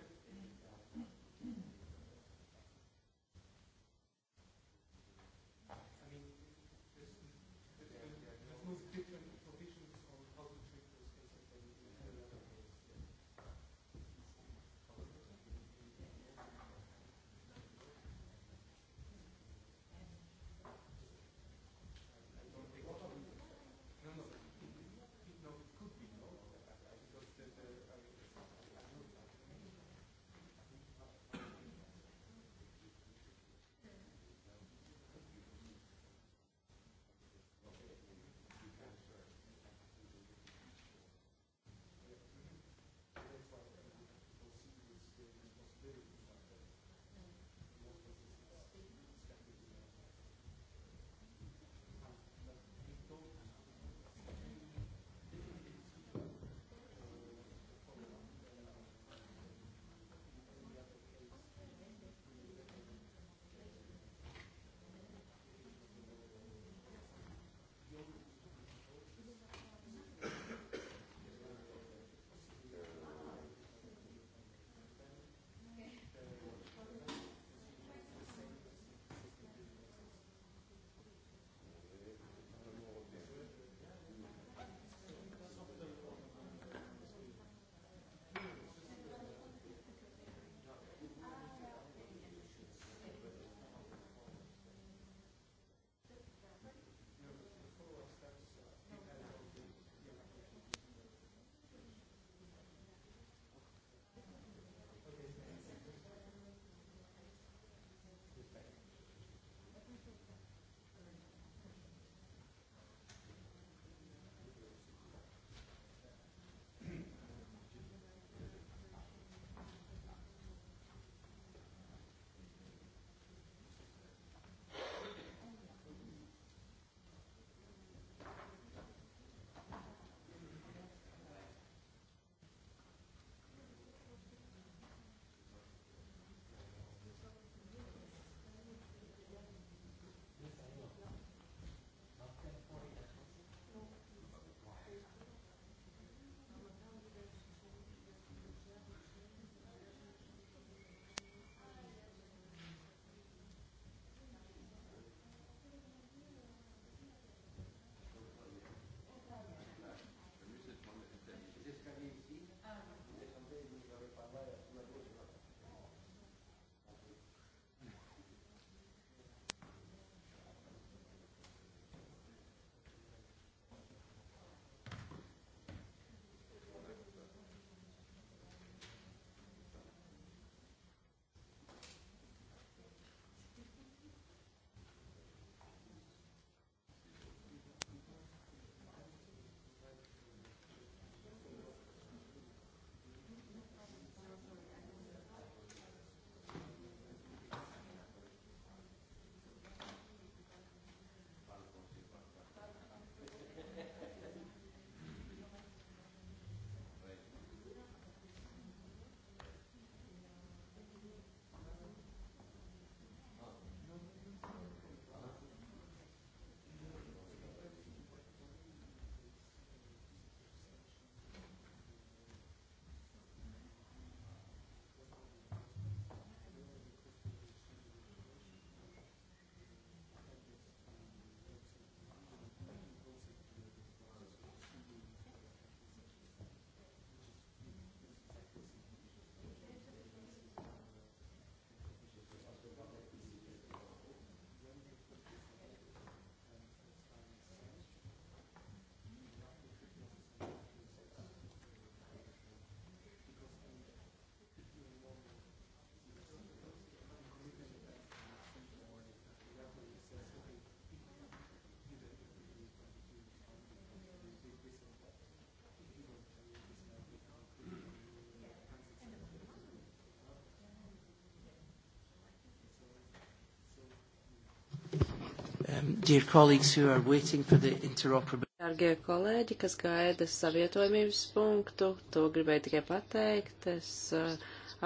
Um, dear colleagues who are waiting for the interoperability. Dargie kolēģi, kas gaida savietojumības punktu, to gribēju tikai pateikt. Es uh,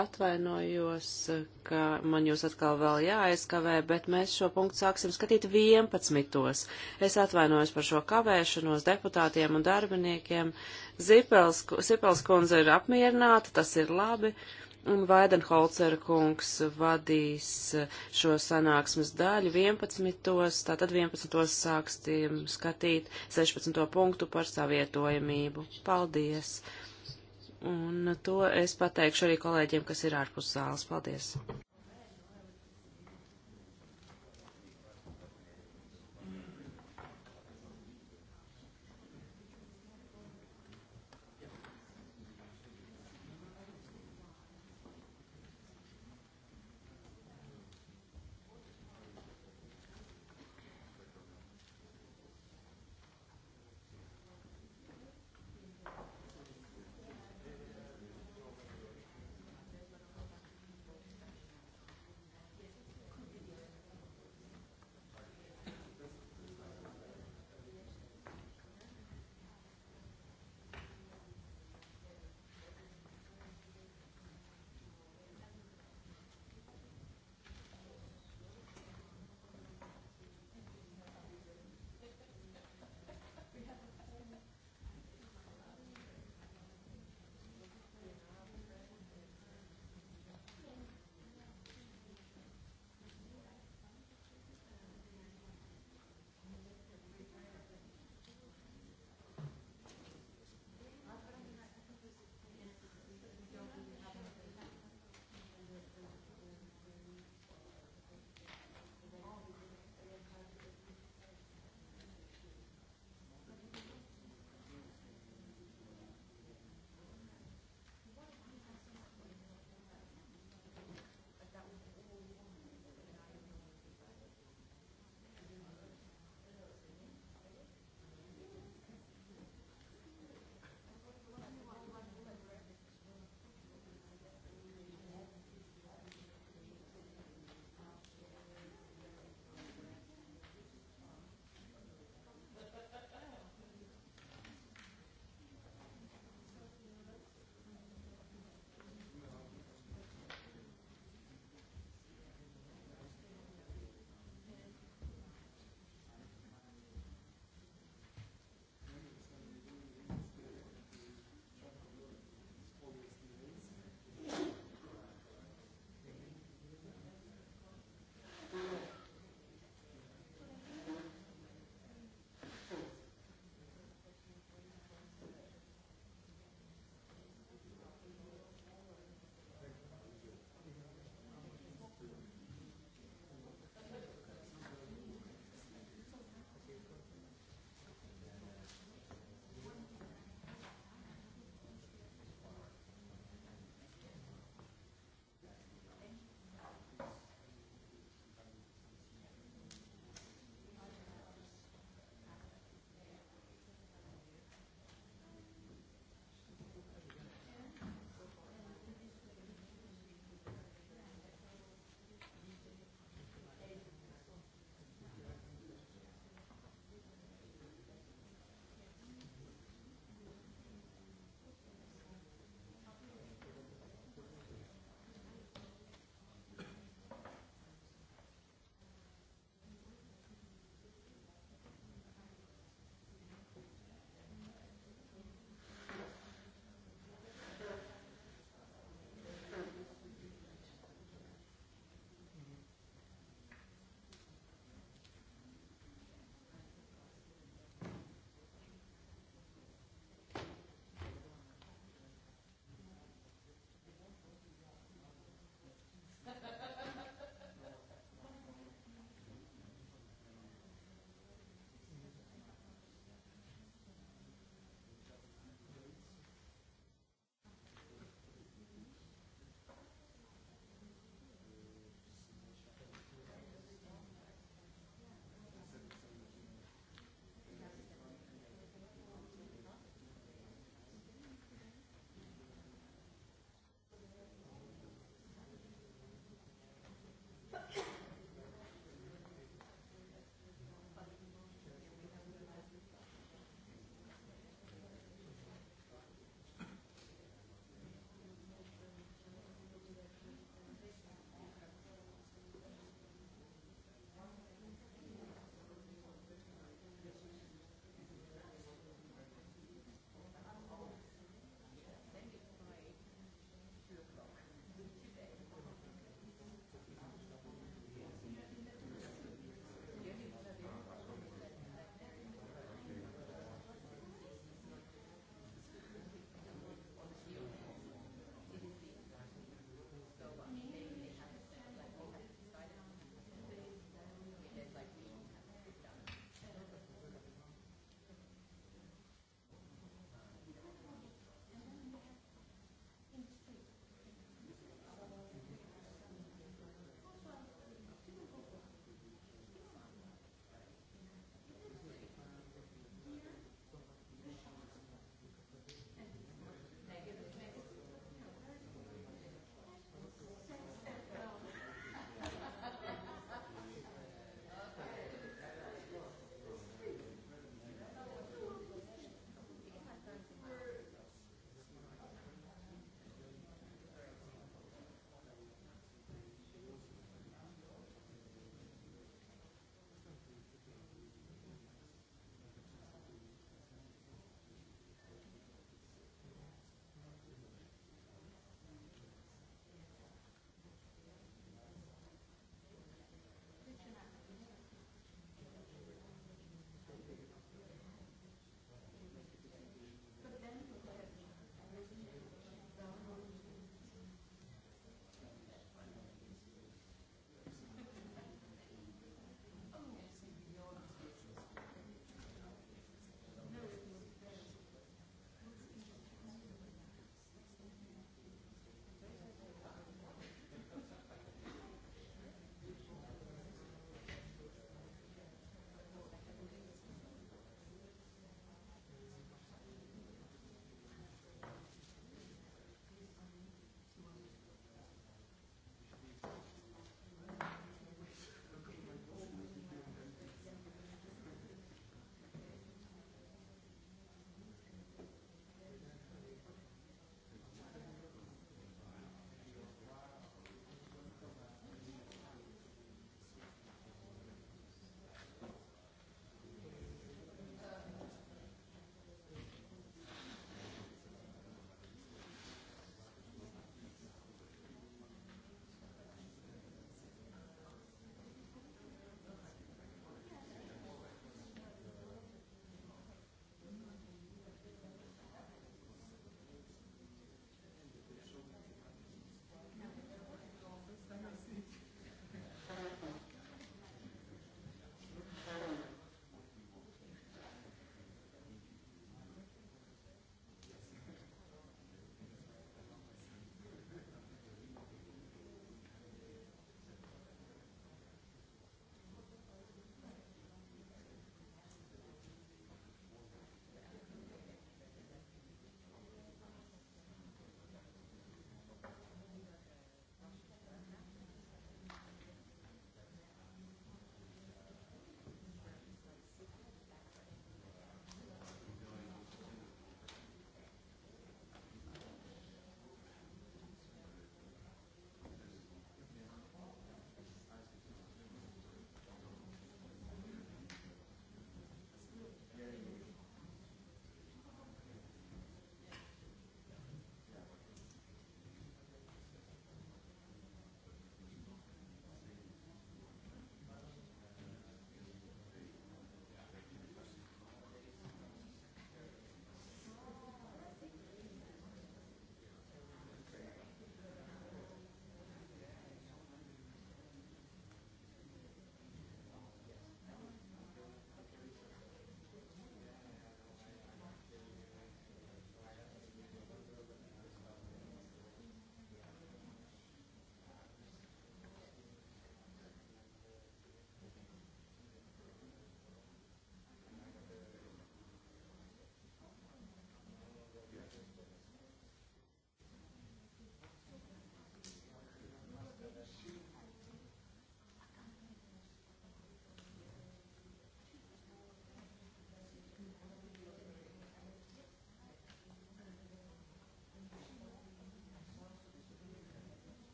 atvainojos, ka man jūs atkal vēl jāaizkavē, bet mēs šo punktu sāksim skatīt 11. Es atvainojos par šo kavēšanos deputātiem un darbiniekiem. Zipels, Zipels kundze ir apmierināta, tas ir labi. Uh, un Vaidenholcera kungs vadīs eh, šo sanāksmes daļu 11. Tātad 11. sākstīm skatīt 16. punktu par savietojamību. Paldies! Un to es pateikšu arī kolēģiem, kas ir ārpus zāles. Paldies!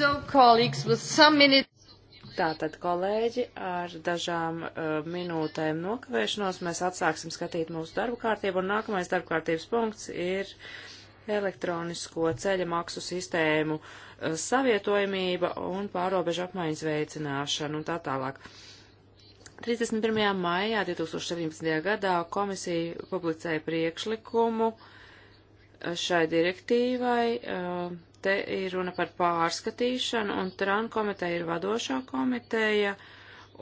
So, colleagues, with some minutes. Tātad, kolēģi, ar dažām uh, minūtēm nokavēšanos mēs atsāksim skatīt mūsu darbu kārtību, un nākamais darbu kārtības punkts ir elektronisko ceļa maksu sistēmu uh, savietojamība un pārobežu apmaiņas veicināšana un tā tālāk. 31. maijā 2017. gadā komisija publicēja priekšlikumu uh, šai direktīvai. Uh, Te ir runa par pārskatīšanu, un Tran komiteja ir vadošā komiteja,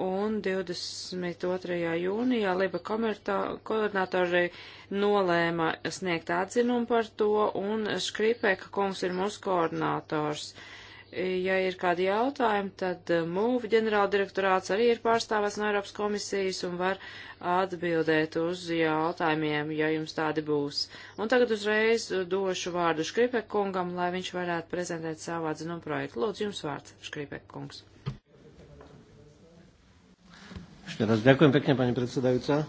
un 22. jūnijā Liba koordinatori nolēma sniegt atzinumu par to, un Škripeka kungs ir mūsu koordinators. Uh, Ja ir kādi jautājumi, tad eh, MUV ģenerāldirektorāts arī ir pārstāvēts no Eiropas komisijas un var atbildēt uz jautājumiem, ja jums tādi būs. Un tagad uzreiz došu vārdu Škripek kungam, lai viņš varētu prezentēt savu atzinu projektu. Lūdzu, jums vārds, Škripek kungs. Šķietās, ďakujem pekne, paņi predsedājūcā.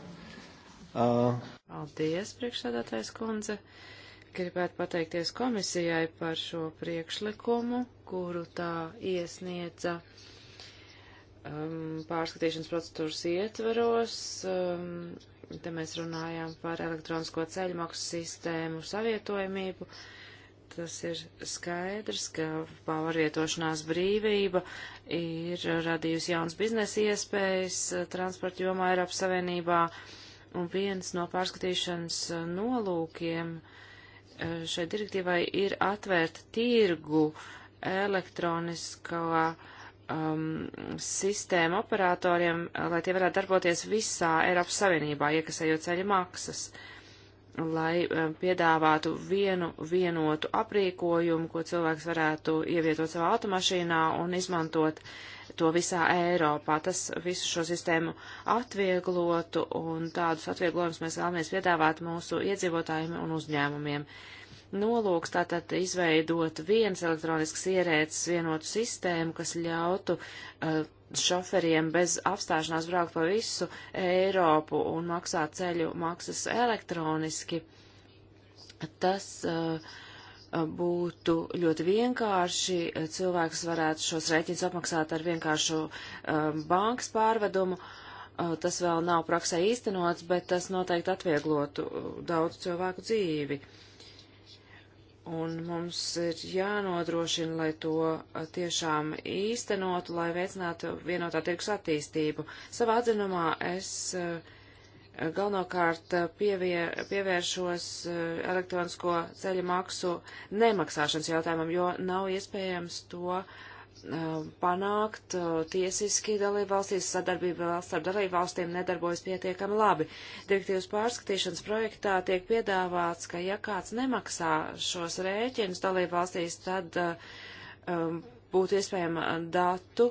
Uh... Paldies, priekšsēdētājs kundze. Uh, gribētu pateikties komisijai par šo priekšlikumu, kuru tā iesniedza um, pārskatīšanas procedūras ietveros. Um, te mēs runājām par elektronisko ceļmaksu sistēmu savietojamību. Tas ir skaidrs, ka pārvietošanās brīvība ir radījusi jauns biznesa iespējas transporta jomā Eiropas Savienībā, un viens no pārskatīšanas nolūkiem uh, šai direktīvai ir atvērt tirgu elektroniskā um, sistēma operatoriem, lai tie varētu darboties visā Eiropas Savienībā, iekasējot ceļa maksas, lai um, piedāvātu vienu vienotu aprīkojumu, ko cilvēks varētu ievietot savā automašīnā un izmantot uh, to visā Eiropā. Tas visu šo sistēmu atvieglotu un tādus atvieglojumus mēs vēlamies piedāvāt mūsu iedzīvotājiem un uzņēmumiem. Nolūks tātad izveidot viens elektronisks ierēcis vienotu sistēmu, kas ļautu uh, šoferiem bez apstāšanās braukt pa visu Eiropu un maksāt ceļu maksas elektroniski. Tas uh, būtu ļoti vienkārši. Cilvēks varētu šos rēķinus apmaksāt ar vienkāršu um, bankas pārvedumu. Uh, tas vēl nav praksē īstenots, bet tas noteikti atvieglotu daudz cilvēku dzīvi. Un mums ir jānodrošina, lai to tiešām īstenotu, lai veicinātu vienotā tirgus attīstību. Savā atzinumā es uh, galvenokārt eh, pievie, pievēršos eh, elektronisko ceļa maksu nemaksāšanas jautājumam, jo nav iespējams to eh, panākt tiesiski dalību valstīs, sadarbība starp dalību valstīm nedarbojas pietiekami labi. Direktīvas pārskatīšanas projektā tiek piedāvāts, ka ja kāds nemaksā šos rēķinus dalību valstīs, tad um, būtu iespējama datu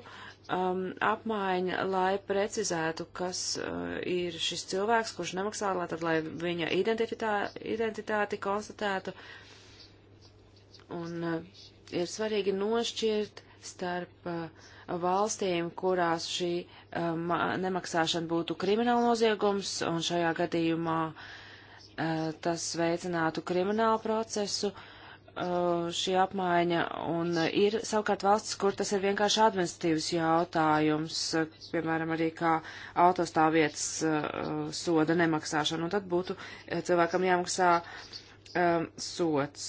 um, apmaiņa, lai precizētu, kas uh, ir šis cilvēks, kurš nemaksā, lai tad, lai viņa identitā, identitāti konstatētu. Un uh, ir svarīgi nošķirt starp uh, valstīm, kurās šī um, nemaksāšana būtu krimināla noziegums, un šajā gadījumā uh, tas veicinātu kriminālu procesu, uh, Uh, šī apmaiņa, un ir savukārt valsts, kur tas ir vienkārši administratīvs jautājums, uh, piemēram, arī kā autostāvvietas uh, soda nemaksāšana, un tad būtu cilvēkam jāmaksā um, sots.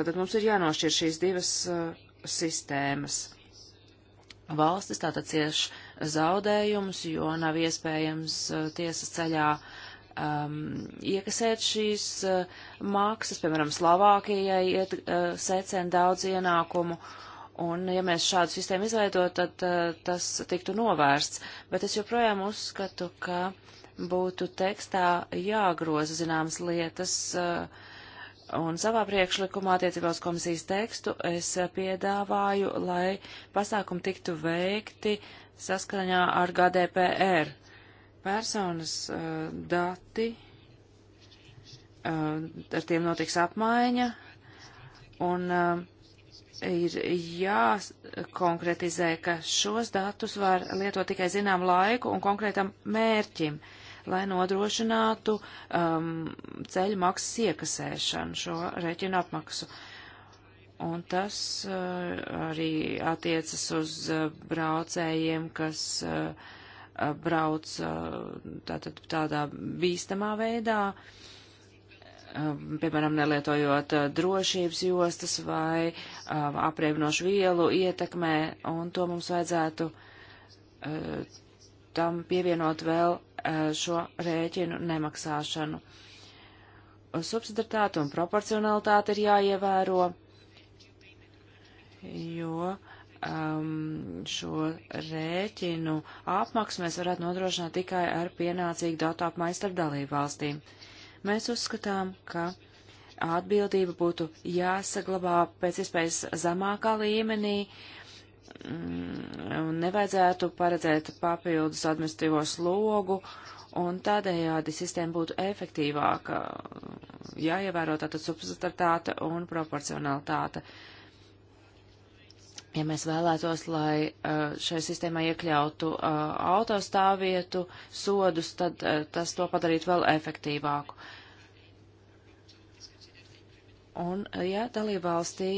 Tātad mums ir jānošķir šīs divas uh, sistēmas. Valstis tātad cieš zaudējumus, jo nav iespējams uh, tiesas ceļā uh, um, iekasēt šīs uh, maksas, piemēram, Slovākijai iet uh, secen daudz ienākumu. Un, ja mēs šādu sistēmu izveidot, tad uh, tas tiktu novērsts. Bet es joprojām uzskatu, ka būtu tekstā jāgroza zināmas lietas. Uh, Un savā priekšlikumā attiecībā uz komisijas tekstu es piedāvāju, lai pasākumi tiktu veikti saskaņā ar GDPR personas uh, dati, uh, ar tiem notiks apmaiņa, un uh, ir jākonkretizē, ka šos datus var lietot tikai zinām laiku un konkrētam mērķim, lai nodrošinātu um, ceļu maksas iekasēšanu, šo rēķinu apmaksu. Un tas uh, arī attiecas uz uh, braucējiem, kas uh, brauc tātad tādā bīstamā veidā, piemēram, nelietojot drošības jostas vai apriebinošu vielu ietekmē, un to mums vajadzētu tam pievienot vēl šo rēķinu nemaksāšanu. Subsidaritāte un proporcionalitāte ir jāievēro, jo uh, um, šo rēķinu apmaksu mēs varētu nodrošināt tikai ar pienācīgu datu apmaiņu starp dalību valstīm. Mēs uzskatām, ka atbildība būtu jāsaglabā pēc iespējas zemākā līmenī, mm, un nevajadzētu paredzēt papildus administratīvo slogu, un tādējādi sistēma būtu efektīvāka, jāievēro tātad subsidiaritāte un proporcionalitāte. Uh, Ja mēs vēlētos, lai uh, šai sistēmai iekļautu uh, autostāvvietu, sodus, tad uh, tas to padarītu vēl efektīvāku. Un, ja dalībvalstī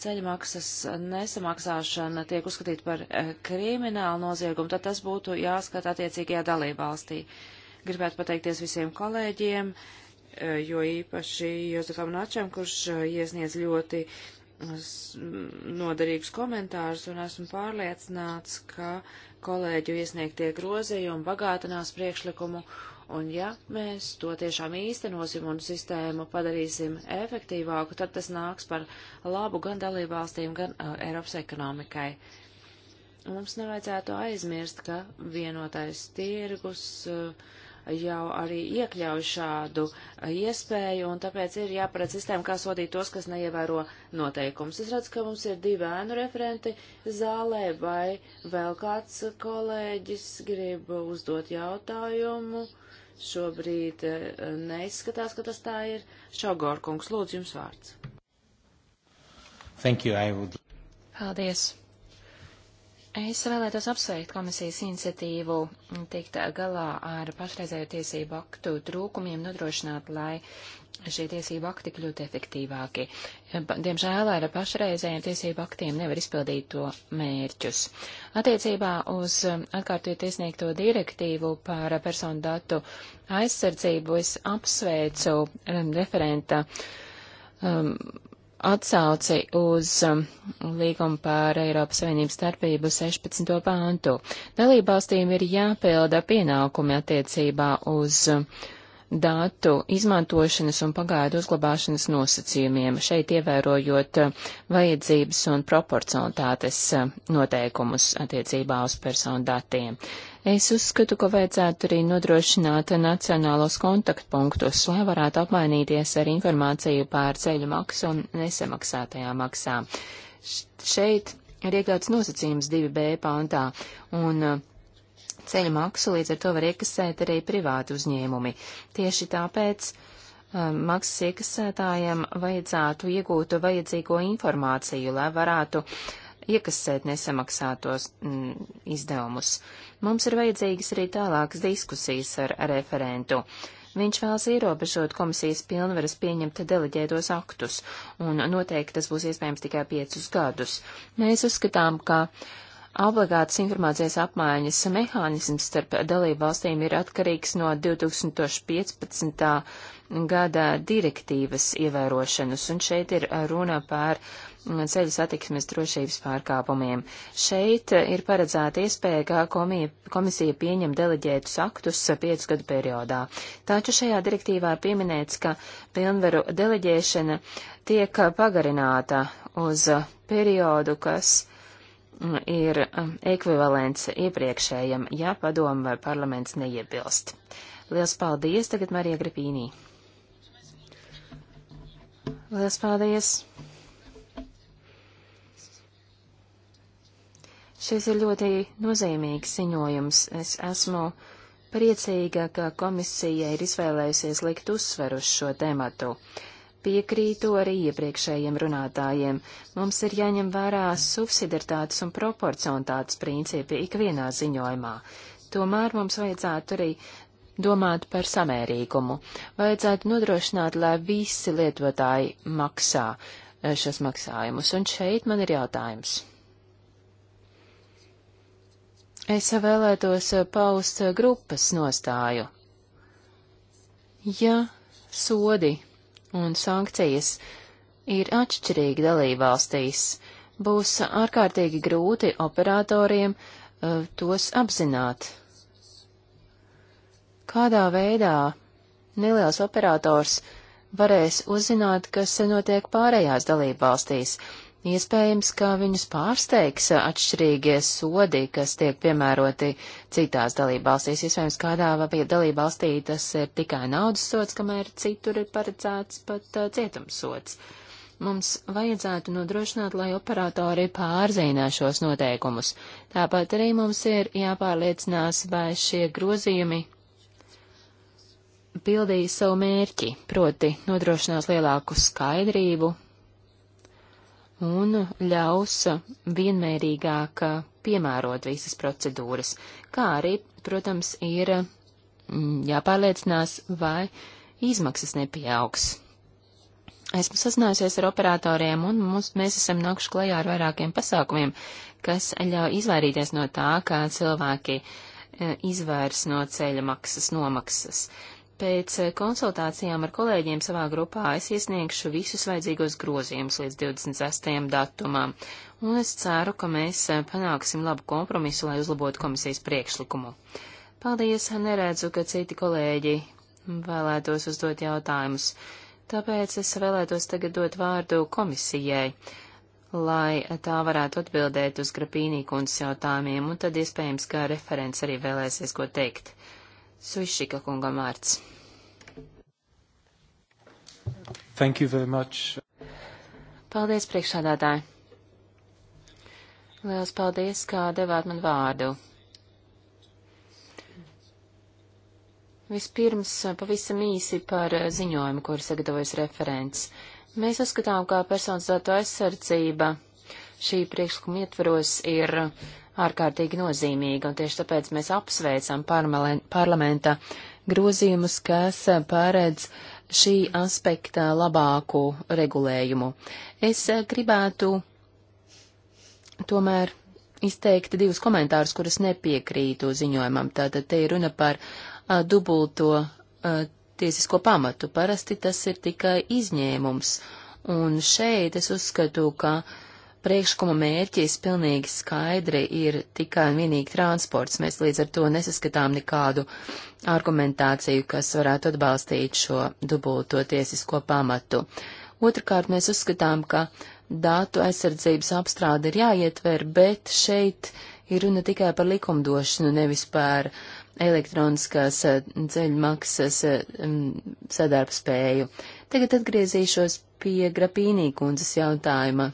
ceļmaksas nesamaksāšana tiek uzskatīta par kriminālu noziegumu, tad tas būtu jāskata attiecīgajā dalībvalstī. Gribētu pateikties visiem kolēģiem, jo īpaši Jozefam Načam, kurš iesniedz ļoti noderīgus komentārus un esmu pārliecināts, ka kolēģu iesniegtie grozījumi bagātinās priekšlikumu, un ja mēs to tiešām īstenosim un sistēmu padarīsim efektīvāku, tad tas nāks par labu gan dalībvalstīm, gan uh, Eiropas ekonomikai. Mums nevajadzētu aizmirst, ka vienotais tirgus uh, jau arī iekļauj šādu iespēju, un tāpēc ir jāparedz sistēma, kā sodīt tos, kas neievēro noteikumus. Es redzu, ka mums ir divi ēnu referenti zālē, vai vēl kāds kolēģis grib uzdot jautājumu. Šobrīd eh, neizskatās, ka tas tā ir. Šaugorkungs, lūdzu jums vārds. Thank you, I would. Paldies. Es vēlētos apsveikt komisijas iniciatīvu tikt galā ar pašreizējo tiesību aktu trūkumiem, nodrošināt, lai šie tiesību akti kļūtu efektīvāki. Diemžēl ar pašreizējiem tiesību aktiem nevar izpildīt to mērķus. Attiecībā uz atkārtot iesniegto direktīvu par personu datu aizsardzību es apsveicu referenta um, atsauci uz um, līgumu par Eiropas Savienības starpību 16. pāntu. Dalībvalstīm ir jāpilda pienākumi attiecībā uz um, datu izmantošanas un pagaidu uzglabāšanas nosacījumiem, šeit ievērojot um, vajadzības un proporcionalitātes noteikumus attiecībā uz personu datiem. Es uzskatu, ka vajadzētu arī nodrošināt nacionālos kontaktpunktus, lai varētu apmainīties ar informāciju pār ceļu maksu un nesamaksātajām maksām. Šeit ir iekļauts nosacījums 2b pāntā, un uh, ceļu maksu līdz ar to var iekasēt arī privāti uzņēmumi. Tieši tāpēc um, maksas iekasētājiem vajadzētu iegūt vajadzīgo informāciju, lai varētu uh, iekasēt nesamaksātos mm, izdevumus. Mums ir vajadzīgas arī tālākas diskusijas ar referentu. Viņš vēlas ierobežot komisijas pilnvaras pieņemt deleģētos aktus, un noteikti tas būs iespējams tikai piecus gadus. Mēs uzskatām, ka obligātas informācijas apmaiņas mehānisms starp dalību valstīm ir atkarīgs no 2015 gada direktīvas ievērošanas, un šeit ir runa par mm, ceļu satiksmes drošības pārkāpumiem. Šeit ir paredzēta iespēja, ka komisija pieņem deleģētus aktus piecu gadu periodā. Taču šajā direktīvā ir pieminēts, ka pilnvaru deleģēšana tiek pagarināta uz periodu, kas mm, ir mm, ekvivalents iepriekšējam, ja padomu vai parlaments neiebilst. Liels paldies tagad Marija Gripīnī. Lielas paldies! Šis ir ļoti nozīmīgs ziņojums. Es esmu priecīga, ka komisija ir izvēlējusies likt uzsveru uz šo tematu. Piekrītu arī iepriekšējiem runātājiem. Mums ir jāņem vērā subsidiartātes un proporcionātātes principi ikvienā ziņojumā. Tomēr mums vajadzētu arī domāt par samērīgumu. Vajadzētu nodrošināt, lai visi lietotāji maksā eh, šos maksājumus, un šeit man ir jautājums. Es vēlētos eh, paust eh, grupas nostāju. Ja sodi un sankcijas ir atšķirīgi dalībvalstīs, būs ārkārtīgi grūti operatoriem uh, tos apzināt kādā veidā neliels operators varēs uzzināt, kas notiek pārējās dalībvalstīs. Iespējams, ka viņus pārsteigs atšķirīgie sodi, kas tiek piemēroti citās dalībvalstīs. Iespējams, kādā dalībvalstī tas ir tikai naudas sods, kamēr citur ir paredzēts pat uh, cietumsods. Mums vajadzētu nodrošināt, lai operatori pārzīmē šos noteikumus. Tāpat arī mums ir jāpārliecinās, vai šie grozījumi pildīja savu mērķi, proti nodrošinās lielāku skaidrību un ļaus vienmērīgāk piemērot visas procedūras, kā arī, protams, ir mm, jāpārliecinās, vai izmaksas nepieaugs. Esmu sazinājusies ar operatoriem, un mums, mēs esam nākuši klajā ar vairākiem pasākumiem, kas ļauj izvairīties no tā, kā cilvēki e, izvairs no ceļa maksas nomaksas. Pēc eh, konsultācijām ar kolēģiem savā grupā es iesniegšu visus vajadzīgos grozījumus līdz 26. datumam, un es ceru, ka mēs eh, panāksim labu kompromisu, lai uzlabotu komisijas priekšlikumu. Paldies, neredzu, ka citi kolēģi vēlētos uzdot jautājumus, tāpēc es vēlētos tagad dot vārdu komisijai, lai tā varētu atbildēt uz Grapīnī kundzes jautājumiem, un tad iespējams, ka referents arī vēlēsies ko teikt. Sušika kungam vārds. Thank you very much. Paldies, priekšsādātāji. Liels paldies, kā devāt man vārdu. Vispirms pavisam īsi par ziņojumu, kuru sagatavojas referents. Mēs uzskatām, ka personas datu aizsardzība šī priekšlikuma ietvaros ir ārkārtīgi nozīmīga, un tieši tāpēc mēs apsveicam parlamenta grozījumus, kas paredz šī aspekta labāku regulējumu. Es gribētu tomēr izteikt divus komentārus, kurus nepiekrītu ziņojumam. Tātad te ir runa par a, dubulto a, tiesisko pamatu. Parasti tas ir tikai izņēmums. Un šeit es uzskatu, ka uh, priekšlikuma mērķis pilnīgi skaidri ir tikai un vienīgi transports. Mēs līdz ar to nesaskatām nekādu argumentāciju, kas varētu atbalstīt šo dubulto tiesisko pamatu. Otrakārt, mēs uzskatām, ka datu aizsardzības apstrāde ir jāietver, bet šeit ir runa tikai par likumdošanu, nevis par elektroniskās eh, ceļmaksas eh, sadarbspēju. Tagad atgriezīšos pie Grapīnī kundzes jautājuma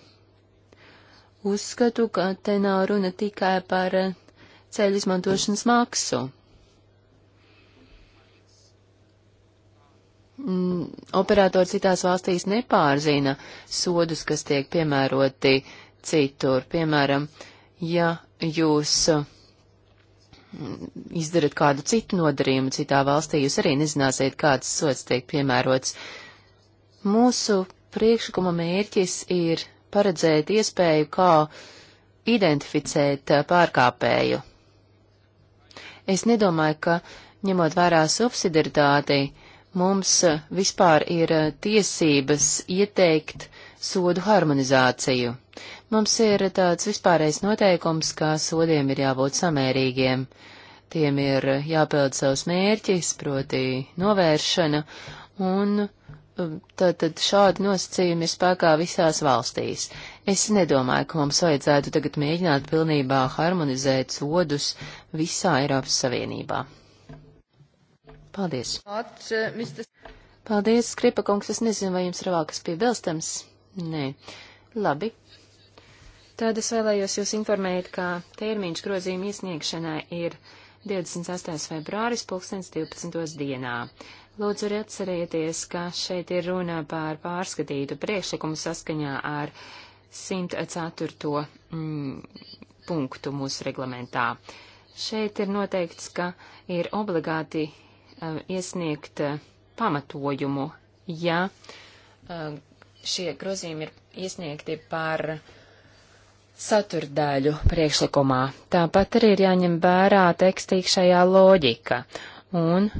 Uzskatu, ka te nav runa tikai par eh, ceļu izmantošanas maksu. Mm, Operatori citās valstīs nepārzina sodus, kas tiek piemēroti citur. Piemēram, ja jūs mm, izdarat kādu citu nodarījumu citā valstī, jūs arī nezināsiet, kāds sots tiek piemērots. Mūsu priekšlikuma mērķis ir paredzēt iespēju, kā identificēt pārkāpēju. Es nedomāju, ka ņemot vērā subsidiaritāti, mums vispār ir tiesības ieteikt sodu harmonizāciju. Mums ir tāds vispārējais noteikums, ka sodiem ir jābūt samērīgiem. Tiem ir jāpild savs mērķis, proti novēršana, un Tātad um, šādi nosacījumi ir spēkā visās valstīs. Es nedomāju, ka mums vajadzētu tagad mēģināt pilnībā harmonizēt sodus visā Eiropas Savienībā. Paldies. Paldies, Skripa kungs. Es nezinu, vai jums ir vēl kas piebilstams. Nē. Labi. Tad es vēlējos jūs informēt, ka termiņš grozījuma iesniegšanai ir 28. februāris 2012. dienā. Lūdzu, arī atcerieties, ka šeit ir runa par pārskatītu priekšlikumu saskaņā ar 104. Mm, punktu mūsu reglamentā. Šeit ir noteikts, ka ir obligāti uh, iesniegt uh, pamatojumu, ja uh, šie grozījumi ir iesniegti par saturdaļu priekšlikumā. Tāpat arī ir jāņem vērā tekstīkšajā loģika un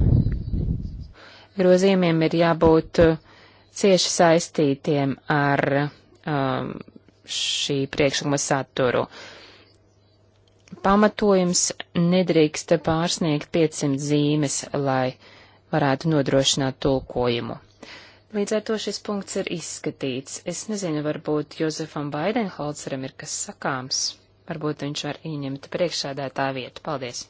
grozījumiem ir jābūt uh, cieši saistītiem ar um, šī priekšlikuma saturu. Pamatojums nedrīkst pārsniegt 500 zīmes, lai varētu nodrošināt tulkojumu. Līdz ar to šis punkts ir izskatīts. Es nezinu, varbūt Jozefam Baidenholceram ir kas sakāms. Varbūt viņš var ieņemt priekšsēdētā vietu. Paldies!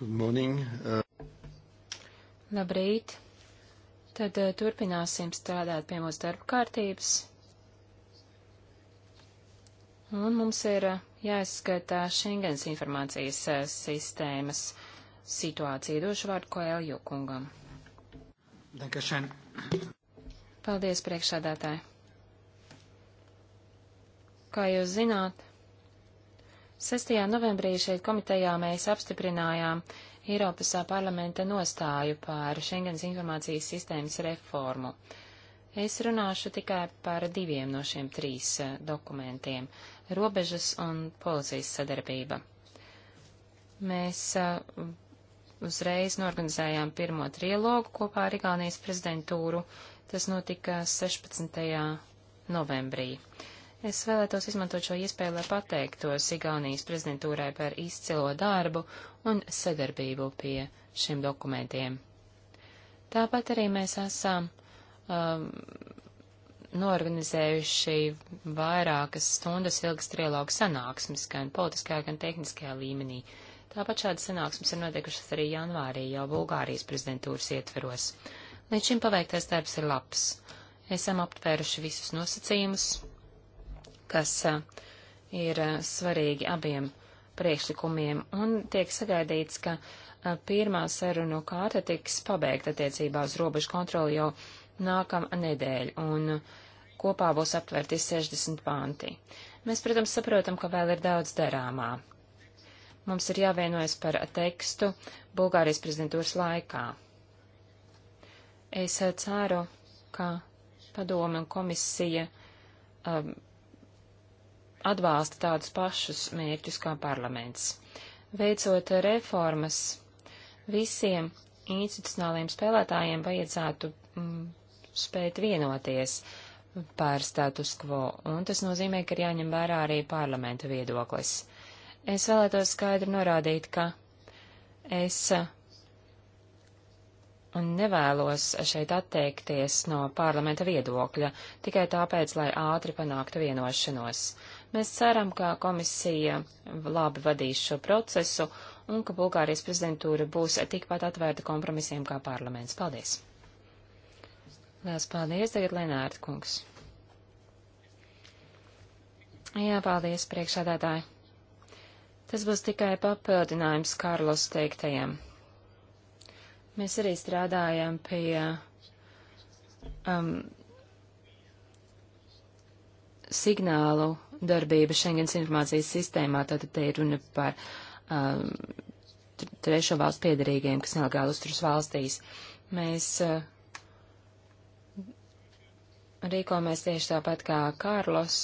Good morning. Uh... Labrīt. Tad uh, turpināsim strādāt pie mūsu darba kārtības. Un mums ir uh, jāizskata Schengens informācijas uh, sistēmas situācija. Došu vārdu Koelju kungam. Dankašen. Paldies, priekšādātāji. Kā jūs zināt, 6. novembrī šeit komitejā mēs apstiprinājām Eiropas parlamenta nostāju pār Schengens informācijas sistēmas reformu. Es runāšu tikai par diviem no šiem trīs eh, dokumentiem - robežas un policijas sadarbība. Mēs eh, uzreiz norganizējām pirmo trilogu kopā ar Igaunijas prezidentūru. Tas notika 16. novembrī. Es vēlētos izmantot šo iespēju, lai pateiktos Igaunijas prezidentūrai par izcilo darbu un sadarbību pie šiem dokumentiem. Tāpat arī mēs esam um, norganizējuši vairākas stundas ilgas trilogu sanāksmes, gan politiskajā, gan tehniskajā līmenī. Tāpat šādas sanāksmes ir notiekušas arī janvārī jau Bulgārijas prezidentūras ietveros. Līdz šim paveiktais darbs ir labs. Esam aptvēruši visus nosacījumus, kas ir svarīgi abiem priekšlikumiem, un tiek sagaidīts, ka pirmā sarunu kārta tiks pabeigta attiecībā uz robežu kontroli jau nākam nedēļ, un kopā būs aptverti 60 panti. Mēs, protams, saprotam, ka vēl ir daudz darāmā. Mums ir jāvienojas par tekstu Bulgārijas prezidentūras laikā. Es ceru, ka padome un komisija um, atbalsta tādus pašus mērķus kā parlaments. Veicot reformas, visiem institucionāliem spēlētājiem vajadzētu mm, spēt vienoties par status quo, un tas nozīmē, ka ir jāņem vērā arī parlamenta viedoklis. Es vēlētos skaidri norādīt, ka es un nevēlos šeit atteikties no parlamenta viedokļa, tikai tāpēc, lai ātri panāktu vienošanos. Mēs ceram, ka komisija labi vadīs šo procesu un ka Bulgārijas prezidentūra būs tikpat atvērta kompromisiem kā parlaments. Paldies! Lielas paldies, tagad Lenārta kungs. Jā, paldies, priekšādātāji. Tas būs tikai papildinājums Kārlos teiktajam. Mēs arī strādājam pie um, signālu darbība Schengens informācijas sistēmā, tad te ir runa par um, trešo valstu piedarīgiem, kas nelegāli uzturas valstīs. Mēs uh, rīkojamies tieši tāpat kā Kārlos.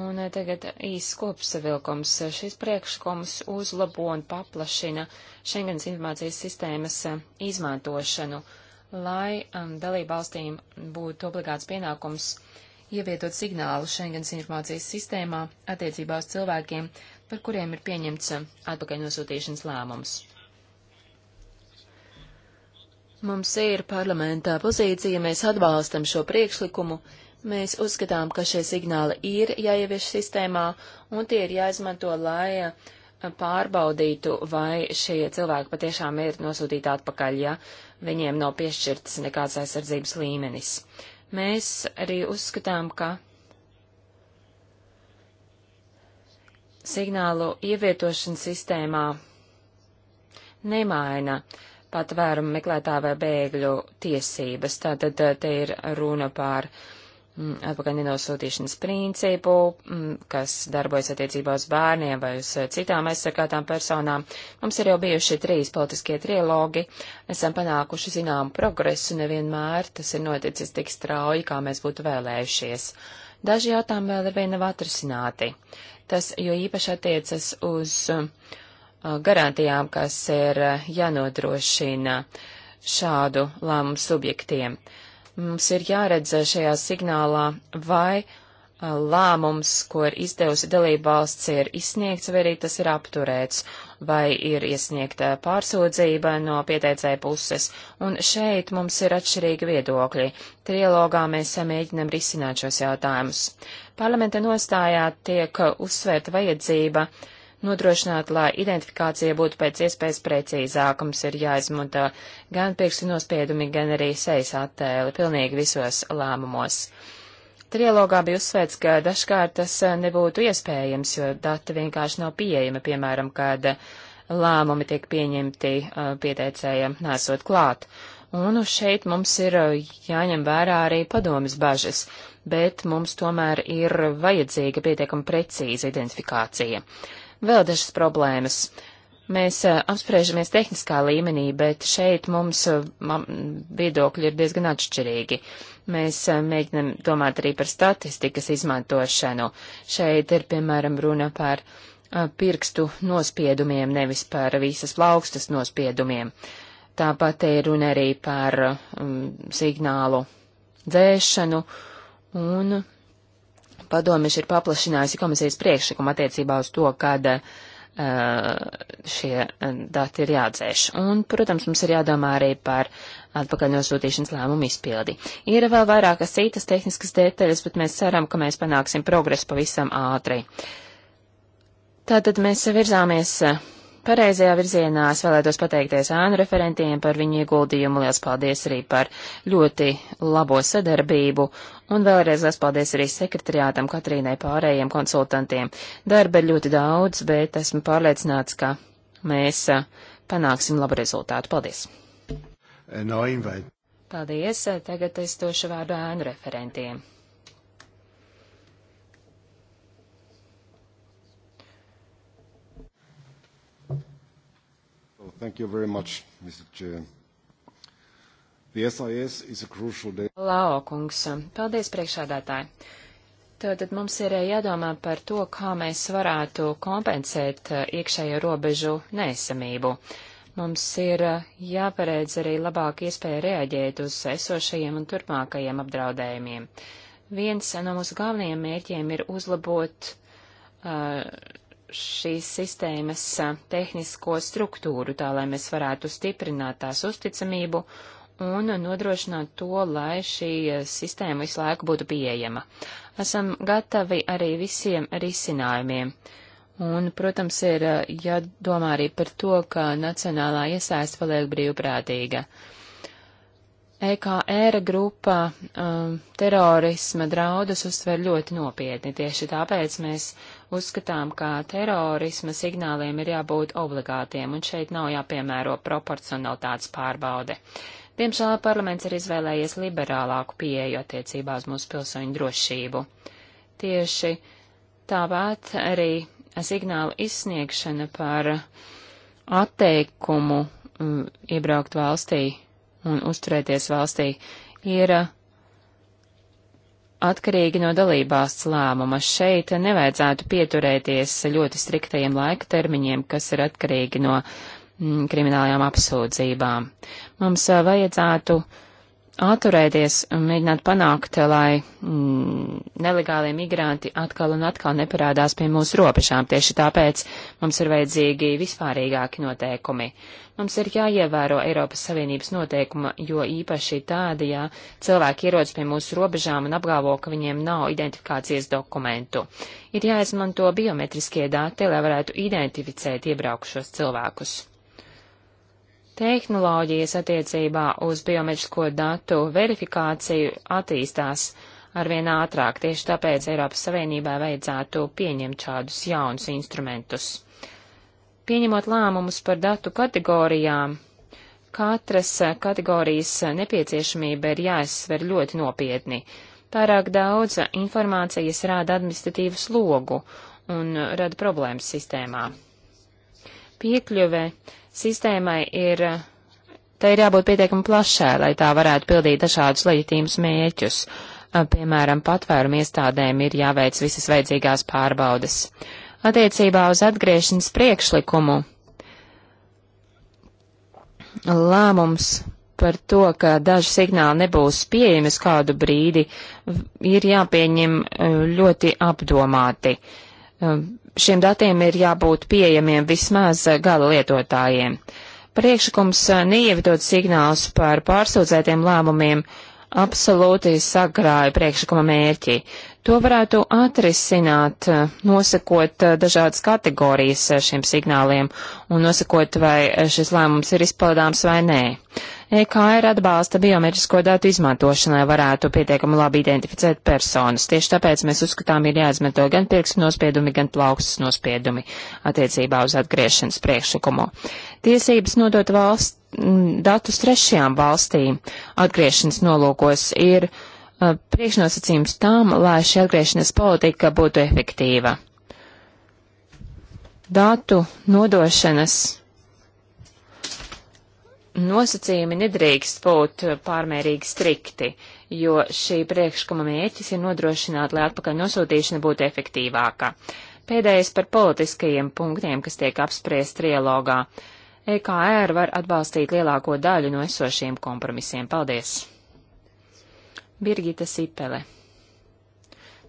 Un uh, tagad īsts kopsavilkums. Šis priekšlikums uzlabo un paplašina Schengens informācijas sistēmas uh, izmantošanu, lai um, dalībvalstīm būtu obligāts pienākums uh, ievietot signālu Schengens informācijas sistēmā attiecībā uz cilvēkiem, par kuriem ir pieņemts atpakaļnosūtīšanas lēmums. Mums ir parlamentā pozīcija, mēs atbalstam šo priekšlikumu, Mēs uzskatām, ka šie signāli ir jāievieš sistēmā, un tie ir jāizmanto, lai eh, pārbaudītu, vai šie cilvēki patiešām ir nosūtīti atpakaļ, ja viņiem nav piešķirtas nekāds aizsardzības līmenis. Mēs arī uzskatām, ka signālu ievietošana sistēmā nemaina patvērumu meklētā vai bēgļu tiesības. Tātad eh, te ir runa par uh, Mm, atpakaļ nenosūtīšanas principu, mm, kas darbojas attiecībā uz bērniem vai uz eh, citām aizsargātām personām. Mums ir jau bijuši trīs politiskie trilogi, esam panākuši zināmu progresu, nevienmēr tas ir noticis tik strauji, kā mēs būtu vēlējušies. Daži jautājumi vēl ir vien nav atrisināti. Tas jo īpaši attiecas uz eh, garantijām, kas ir eh, jānodrošina šādu lēmumu subjektiem. Uh, Mums ir jāredz eh, šajā signālā, vai eh, lēmums, ko ir izdevusi dalībvalsts, ir izsniegts, vai arī tas ir apturēts, vai ir iesniegta pārsūdzība no pieteicēja puses, un šeit mums ir atšķirīgi viedokļi. Trialogā mēs mēģinam risināt šos jautājumus. Parlamenta nostājā tiek uzsvērta vajadzība uh, nodrošināt, lai identifikācija būtu pēc iespējas precīzāka. Mums ir jāizmanto gan pirkstu nospiedumi, gan arī sejas attēli pilnīgi visos lēmumos. Trilogā bija uzsvērts, ka dažkārt tas eh, nebūtu iespējams, jo dati vienkārši nav pieejami, piemēram, kad eh, lēmumi tiek pieņemti eh, pieteicējiem nesot klāt. Un šeit mums ir jāņem vērā arī padomas bažas, bet mums tomēr ir vajadzīga pietiekama precīza identifikācija. Vēl dažas problēmas. Mēs eh, apspriežamies tehniskā līmenī, bet šeit mums eh, viedokļi ir diezgan atšķirīgi. Mēs eh, mēģinam domāt arī par statistikas izmantošanu. Šeit ir, piemēram, runa par pirkstu nospiedumiem, nevis par visas plaukstas nospiedumiem. Tāpat ir runa arī par um, signālu dzēšanu un padomiši ir paplašinājusi komisijas priekšlikumu attiecībā uz to, kad uh, šie eh, dati ir jādzēš. Un, protams, mums ir jādomā arī par atpakaļ nosūtīšanas lēmumu izpildi. Ir vēl vairākas citas tehniskas detaļas, bet mēs ceram, ka mēs panāksim progresu pavisam ātri. Tātad mēs virzāmies uh, pareizajā virzienā. Es vēlētos pateikties ēnu referentiem par viņu ieguldījumu. Liels paldies arī par ļoti labo sadarbību. Un vēlreiz liels paldies arī sekretariātam Katrīnai pārējiem konsultantiem. Darba ir ļoti daudz, bet esmu pārliecināts, ka mēs panāksim labu rezultātu. Paldies! No invite. Paldies! Tagad es došu vārdu ēnu referentiem. Thank you very much, Mr. Chair. The SIS is a crucial day. Lao kungs, paldies priekšādātāji. Tātad mums ir jādomā par to, kā mēs varētu kompensēt eh, iekšējo robežu neesamību. Mums ir eh, jāparedz arī labāk iespēja reaģēt uz esošajiem un turpmākajiem apdraudējumiem. Viens no mūsu galvenajiem mērķiem ir uzlabot uh, šīs sistēmas tehnisko struktūru, tā lai mēs varētu stiprināt tās uzticamību un nodrošināt to, lai šī sistēma visu laiku būtu pieejama. Esam gatavi arī visiem risinājumiem. Un, protams, ir jādomā arī par to, ka nacionālā iesaist paliek brīvprātīga. Uh, EKR grupa um, terorisma draudus uztver ļoti nopietni. Tieši tāpēc mēs uzskatām, ka terorisma signāliem ir jābūt obligātiem, un šeit nav jāpiemēro proporcionalitātes pārbaude. Diemžēl parlaments ir izvēlējies liberālāku pieeju attiecībā uz mūsu pilsoņu drošību. Tieši tāpēc arī signāla izsniegšana par atteikumu um, iebraukt valstī un uzturēties valstī ir uh, atkarīgi no dalībās lēmuma. Šeit nevajadzētu pieturēties ļoti striktajiem laika termiņiem, kas ir atkarīgi no mm, kriminālajām apsūdzībām. Mums uh, vajadzētu atturēties un mēģināt panākt, uh, lai mm, nelegālie migranti atkal un atkal neparādās pie mūsu robežām. Tieši tāpēc mums ir vajadzīgi vispārīgāki noteikumi. Mums ir jāievēro Eiropas Savienības noteikuma, jo īpaši tādi, ja cilvēki ierodas pie mūsu robežām un apgalvo, ka viņiem nav identifikācijas dokumentu. Ir jāizmanto biometriskie dati, lai varētu identificēt iebraukušos cilvēkus. Tehnoloģijas attiecībā uz biometrisko datu verifikāciju attīstās arvien ātrāk, tieši tāpēc Eiropas Savienībai vajadzētu pieņemt šādus jaunus instrumentus. Pieņemot lēmumus par datu kategorijām, katras kategorijas nepieciešamība ir jāizsver ļoti nopietni. Pārāk daudz informācijas rāda administratīvu slogu un rada problēmas sistēmā. Piekļuve sistēmai ir, tai ir jābūt pietiekami plašai, lai tā varētu pildīt dažādus leģitīmus mēķus. Piemēram, patvērumu iestādēm ir jāveic visas vajadzīgās pārbaudas attiecībā uz atgriešanas priekšlikumu. Lēmums par to, ka daži signāli nebūs pieejami uz kādu brīdi, ir jāpieņem eh, ļoti apdomāti. Eh, šiem datiem ir jābūt pieejamiem vismaz gala lietotājiem. Priekšlikums eh, neievietot signālus par pārsūdzētiem lēmumiem absolūti sagrāja priekšlikuma mērķi. To varētu atrisināt, eh, nosakot eh, dažādas kategorijas eh, šiem signāliem un nosakot, vai šis lēmums ir izpildāms vai nē. EKR atbalsta biometrisko datu izmantošanai varētu pietiekami labi identificēt personas. Tieši tāpēc mēs uzskatām ir jāizmanto gan pirkstu nospiedumi, gan plaukstas nospiedumi attiecībā uz atgriešanas priekšlikumu. Tiesības nodot valsts, datus trešajām valstīm atgriešanas nolūkos ir Uh, priekšnosacījums tam, lai šī atgriešanās politika būtu efektīva. Datu nodošanas nosacījumi nedrīkst būt pārmērīgi strikti, jo šī priekšlikuma mērķis ir nodrošināt, lai atpakaļ nosūtīšana būtu efektīvāka. Pēdējais par politiskajiem punktiem, kas tiek apspriest trialogā. EKR var atbalstīt lielāko daļu no esošiem kompromisiem. Paldies! Birgita Sipele.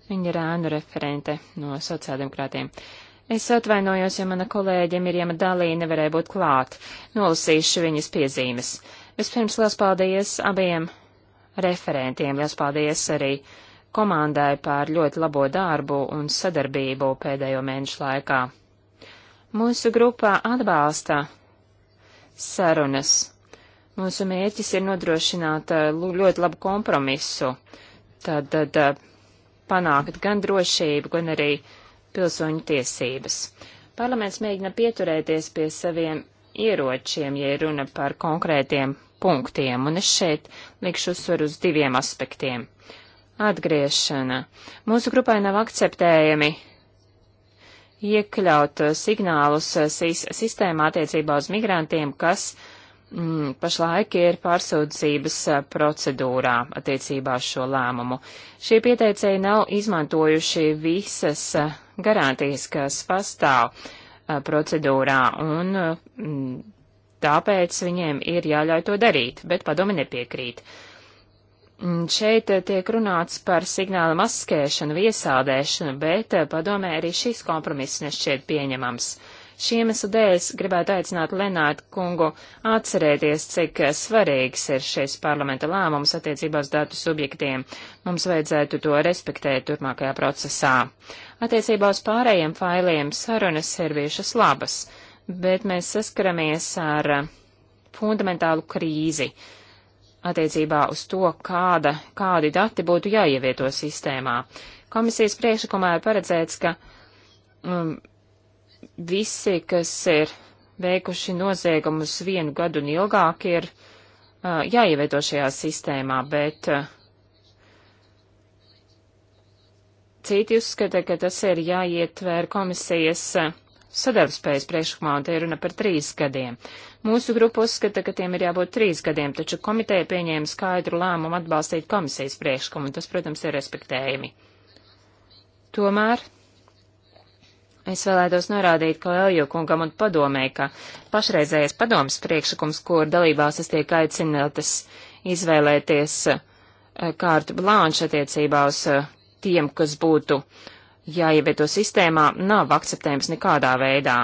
Viņa ir ēnu referente no sociāldemokrātiem. Es atvainojos, ja mana kolēģe Mirjama Dalī nevarēja būt klāt. Nolasīšu viņas piezīmes. Vispirms liels paldies abiem referentiem, liels paldies arī komandai par ļoti labo darbu un sadarbību pēdējo mēnešu laikā. Mūsu grupā atbalsta sarunas Mūsu mērķis ir nodrošināt eh, ļoti labu kompromisu, tad, tad eh, panākt gan drošību, gan arī pilsoņu tiesības. Parlaments mēģina pieturēties pie saviem ieročiem, ja runa par konkrētiem punktiem, un es šeit likšu uzsvaru uz diviem aspektiem. Atgriešana. Mūsu grupai nav akceptējami iekļaut eh, signālus sistēmā attiecībā uz migrantiem, kas uh, mm, pašlaik ir pārsūdzības procedūrā attiecībā uz šo lēmumu. Šie pieteicēji nav izmantojuši visas garantijas, kas pastāv procedūrā, un mm, tāpēc viņiem ir jāļauj to darīt, bet padomi nepiekrīt. Mm, šeit tiek runāts par signāla maskēšanu, viesādēšanu, bet padomē arī šis kompromiss nešķiet pieņemams. Uh, Šī iemesla dēļ es gribētu aicināt Lenātu kungu atcerēties, cik svarīgs ir šis parlamenta lēmums attiecībā uz datu subjektiem. Mums vajadzētu to respektēt turpmākajā procesā. Attiecībā uz pārējiem failiem sarunas ir bijušas labas, bet mēs saskaramies ar eh, fundamentālu krīzi attiecībā uz to, kāda, kādi dati būtu jāievieto sistēmā. Komisijas priekšlikumā ir paredzēts, ka um, visi, kas ir veikuši noziegumus vienu gadu un ilgāk, ir uh, jāievedo šajā sistēmā, bet uh, citi uzskata, ka tas ir jāietver komisijas uh, sadarbspējas priekšlikumā, un te ir runa par trīs gadiem. Mūsu grupa uzskata, ka tiem ir jābūt trīs gadiem, taču komiteja pieņēma skaidru lēmumu atbalstīt komisijas priekšlikumu, un tas, protams, ir respektējami. Tomēr Es vēlētos norādīt Koelju kungam un padomē, ka pašreizējais padomas priekšlikums, kur dalībvalstis tiek aicinātas izvēlēties eh, kārtu blānšu attiecībā uz eh, tiem, kas būtu jāievieto sistēmā, nav akceptējams nekādā veidā.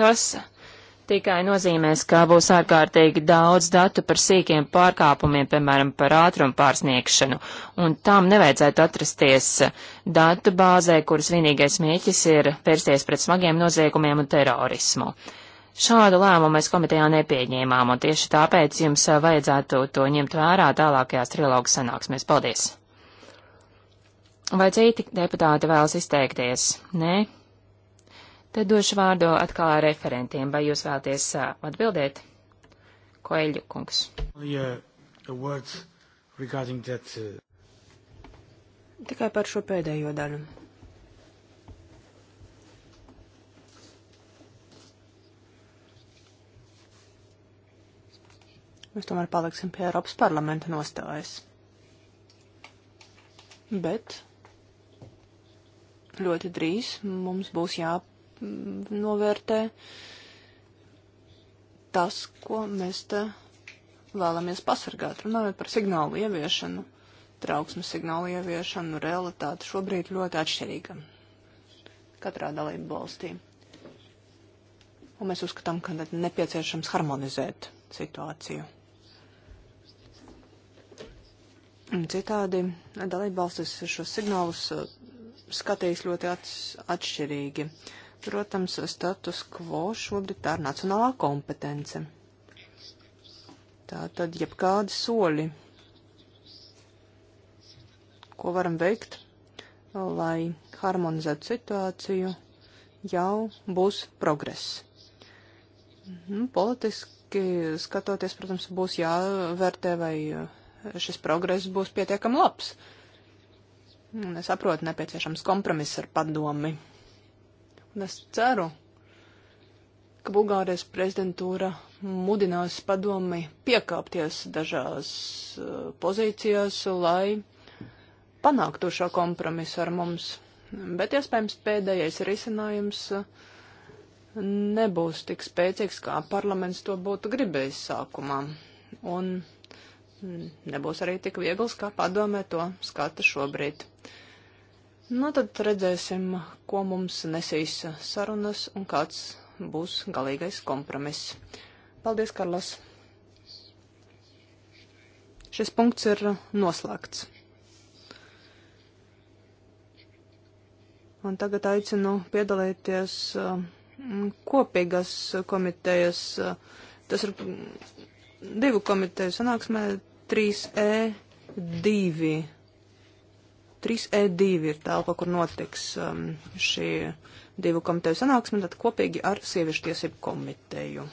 Tas tikai nozīmēs, ka būs ārkārtīgi daudz datu par sīkiem pārkāpumiem, piemēram, par ātrumu pārsniegšanu, un tam nevajadzētu atrasties datu bāzē, kuras vienīgais mieķis ir vērsties pret smagiem noziegumiem un terorismu. Šādu lēmumu mēs komitejā nepieņēmām, un tieši tāpēc jums vajadzētu to ņemt vērā tālākajās trilogu sanāksmēs. Paldies! Vai citi deputāti vēlas izteikties? Nē? Tad došu vārdu atkal referentiem, vai jūs vēlaties uh, atbildēt? Koeļu kungs. Uh, Tikai par šo pēdējo daļu. Mēs tomēr paliksim pie Eiropas parlamenta nostājas. Bet ļoti drīz mums būs jāpārādās jānovērtē mm, tas, ko mēs te vēlamies pasargāt. Runājot par signālu ieviešanu, trauksmes signālu ieviešanu, realitāte šobrīd ļoti atšķirīga katrā dalību valstī. Un mēs uzskatām, ka nepieciešams harmonizēt situāciju. Citādi dalību valstis šos signālus uh, skatīs ļoti atšķirīgi. Uh, Protams, status quo šobrīd tā ir nacionālā kompetence. Tā tad jebkādi soļi, ko varam veikt, lai harmonizētu situāciju, jau būs progress. Nu, politiski skatoties, protams, būs jāvērtē, vai eh, šis progress būs pietiekami labs. Un es saprotu, nepieciešams kompromiss ar padomi. Un es ceru, ka Bulgārijas prezidentūra mudinās padomi piekāpties dažās eh, pozīcijās, lai panāktu šo kompromisu ar mums. Bet iespējams pēdējais risinājums eh, nebūs tik spēcīgs, kā parlaments to būtu gribējis sākumā. Un mm, nebūs arī tik viegls, kā padomē to skata šobrīd. Nu, tad redzēsim, ko mums nesīs sarunas un kāds būs galīgais kompromiss. Paldies, Karlos! Šis punkts ir noslēgts. Un tagad aicinu piedalīties mm, kopīgas komitejas, tas ir divu komiteju sanāksmē, 3E2. 3E2 ir telpa, kur notiks um, šī divu komiteju sanāksme, tad kopīgi ar sieviešu tiesību komiteju.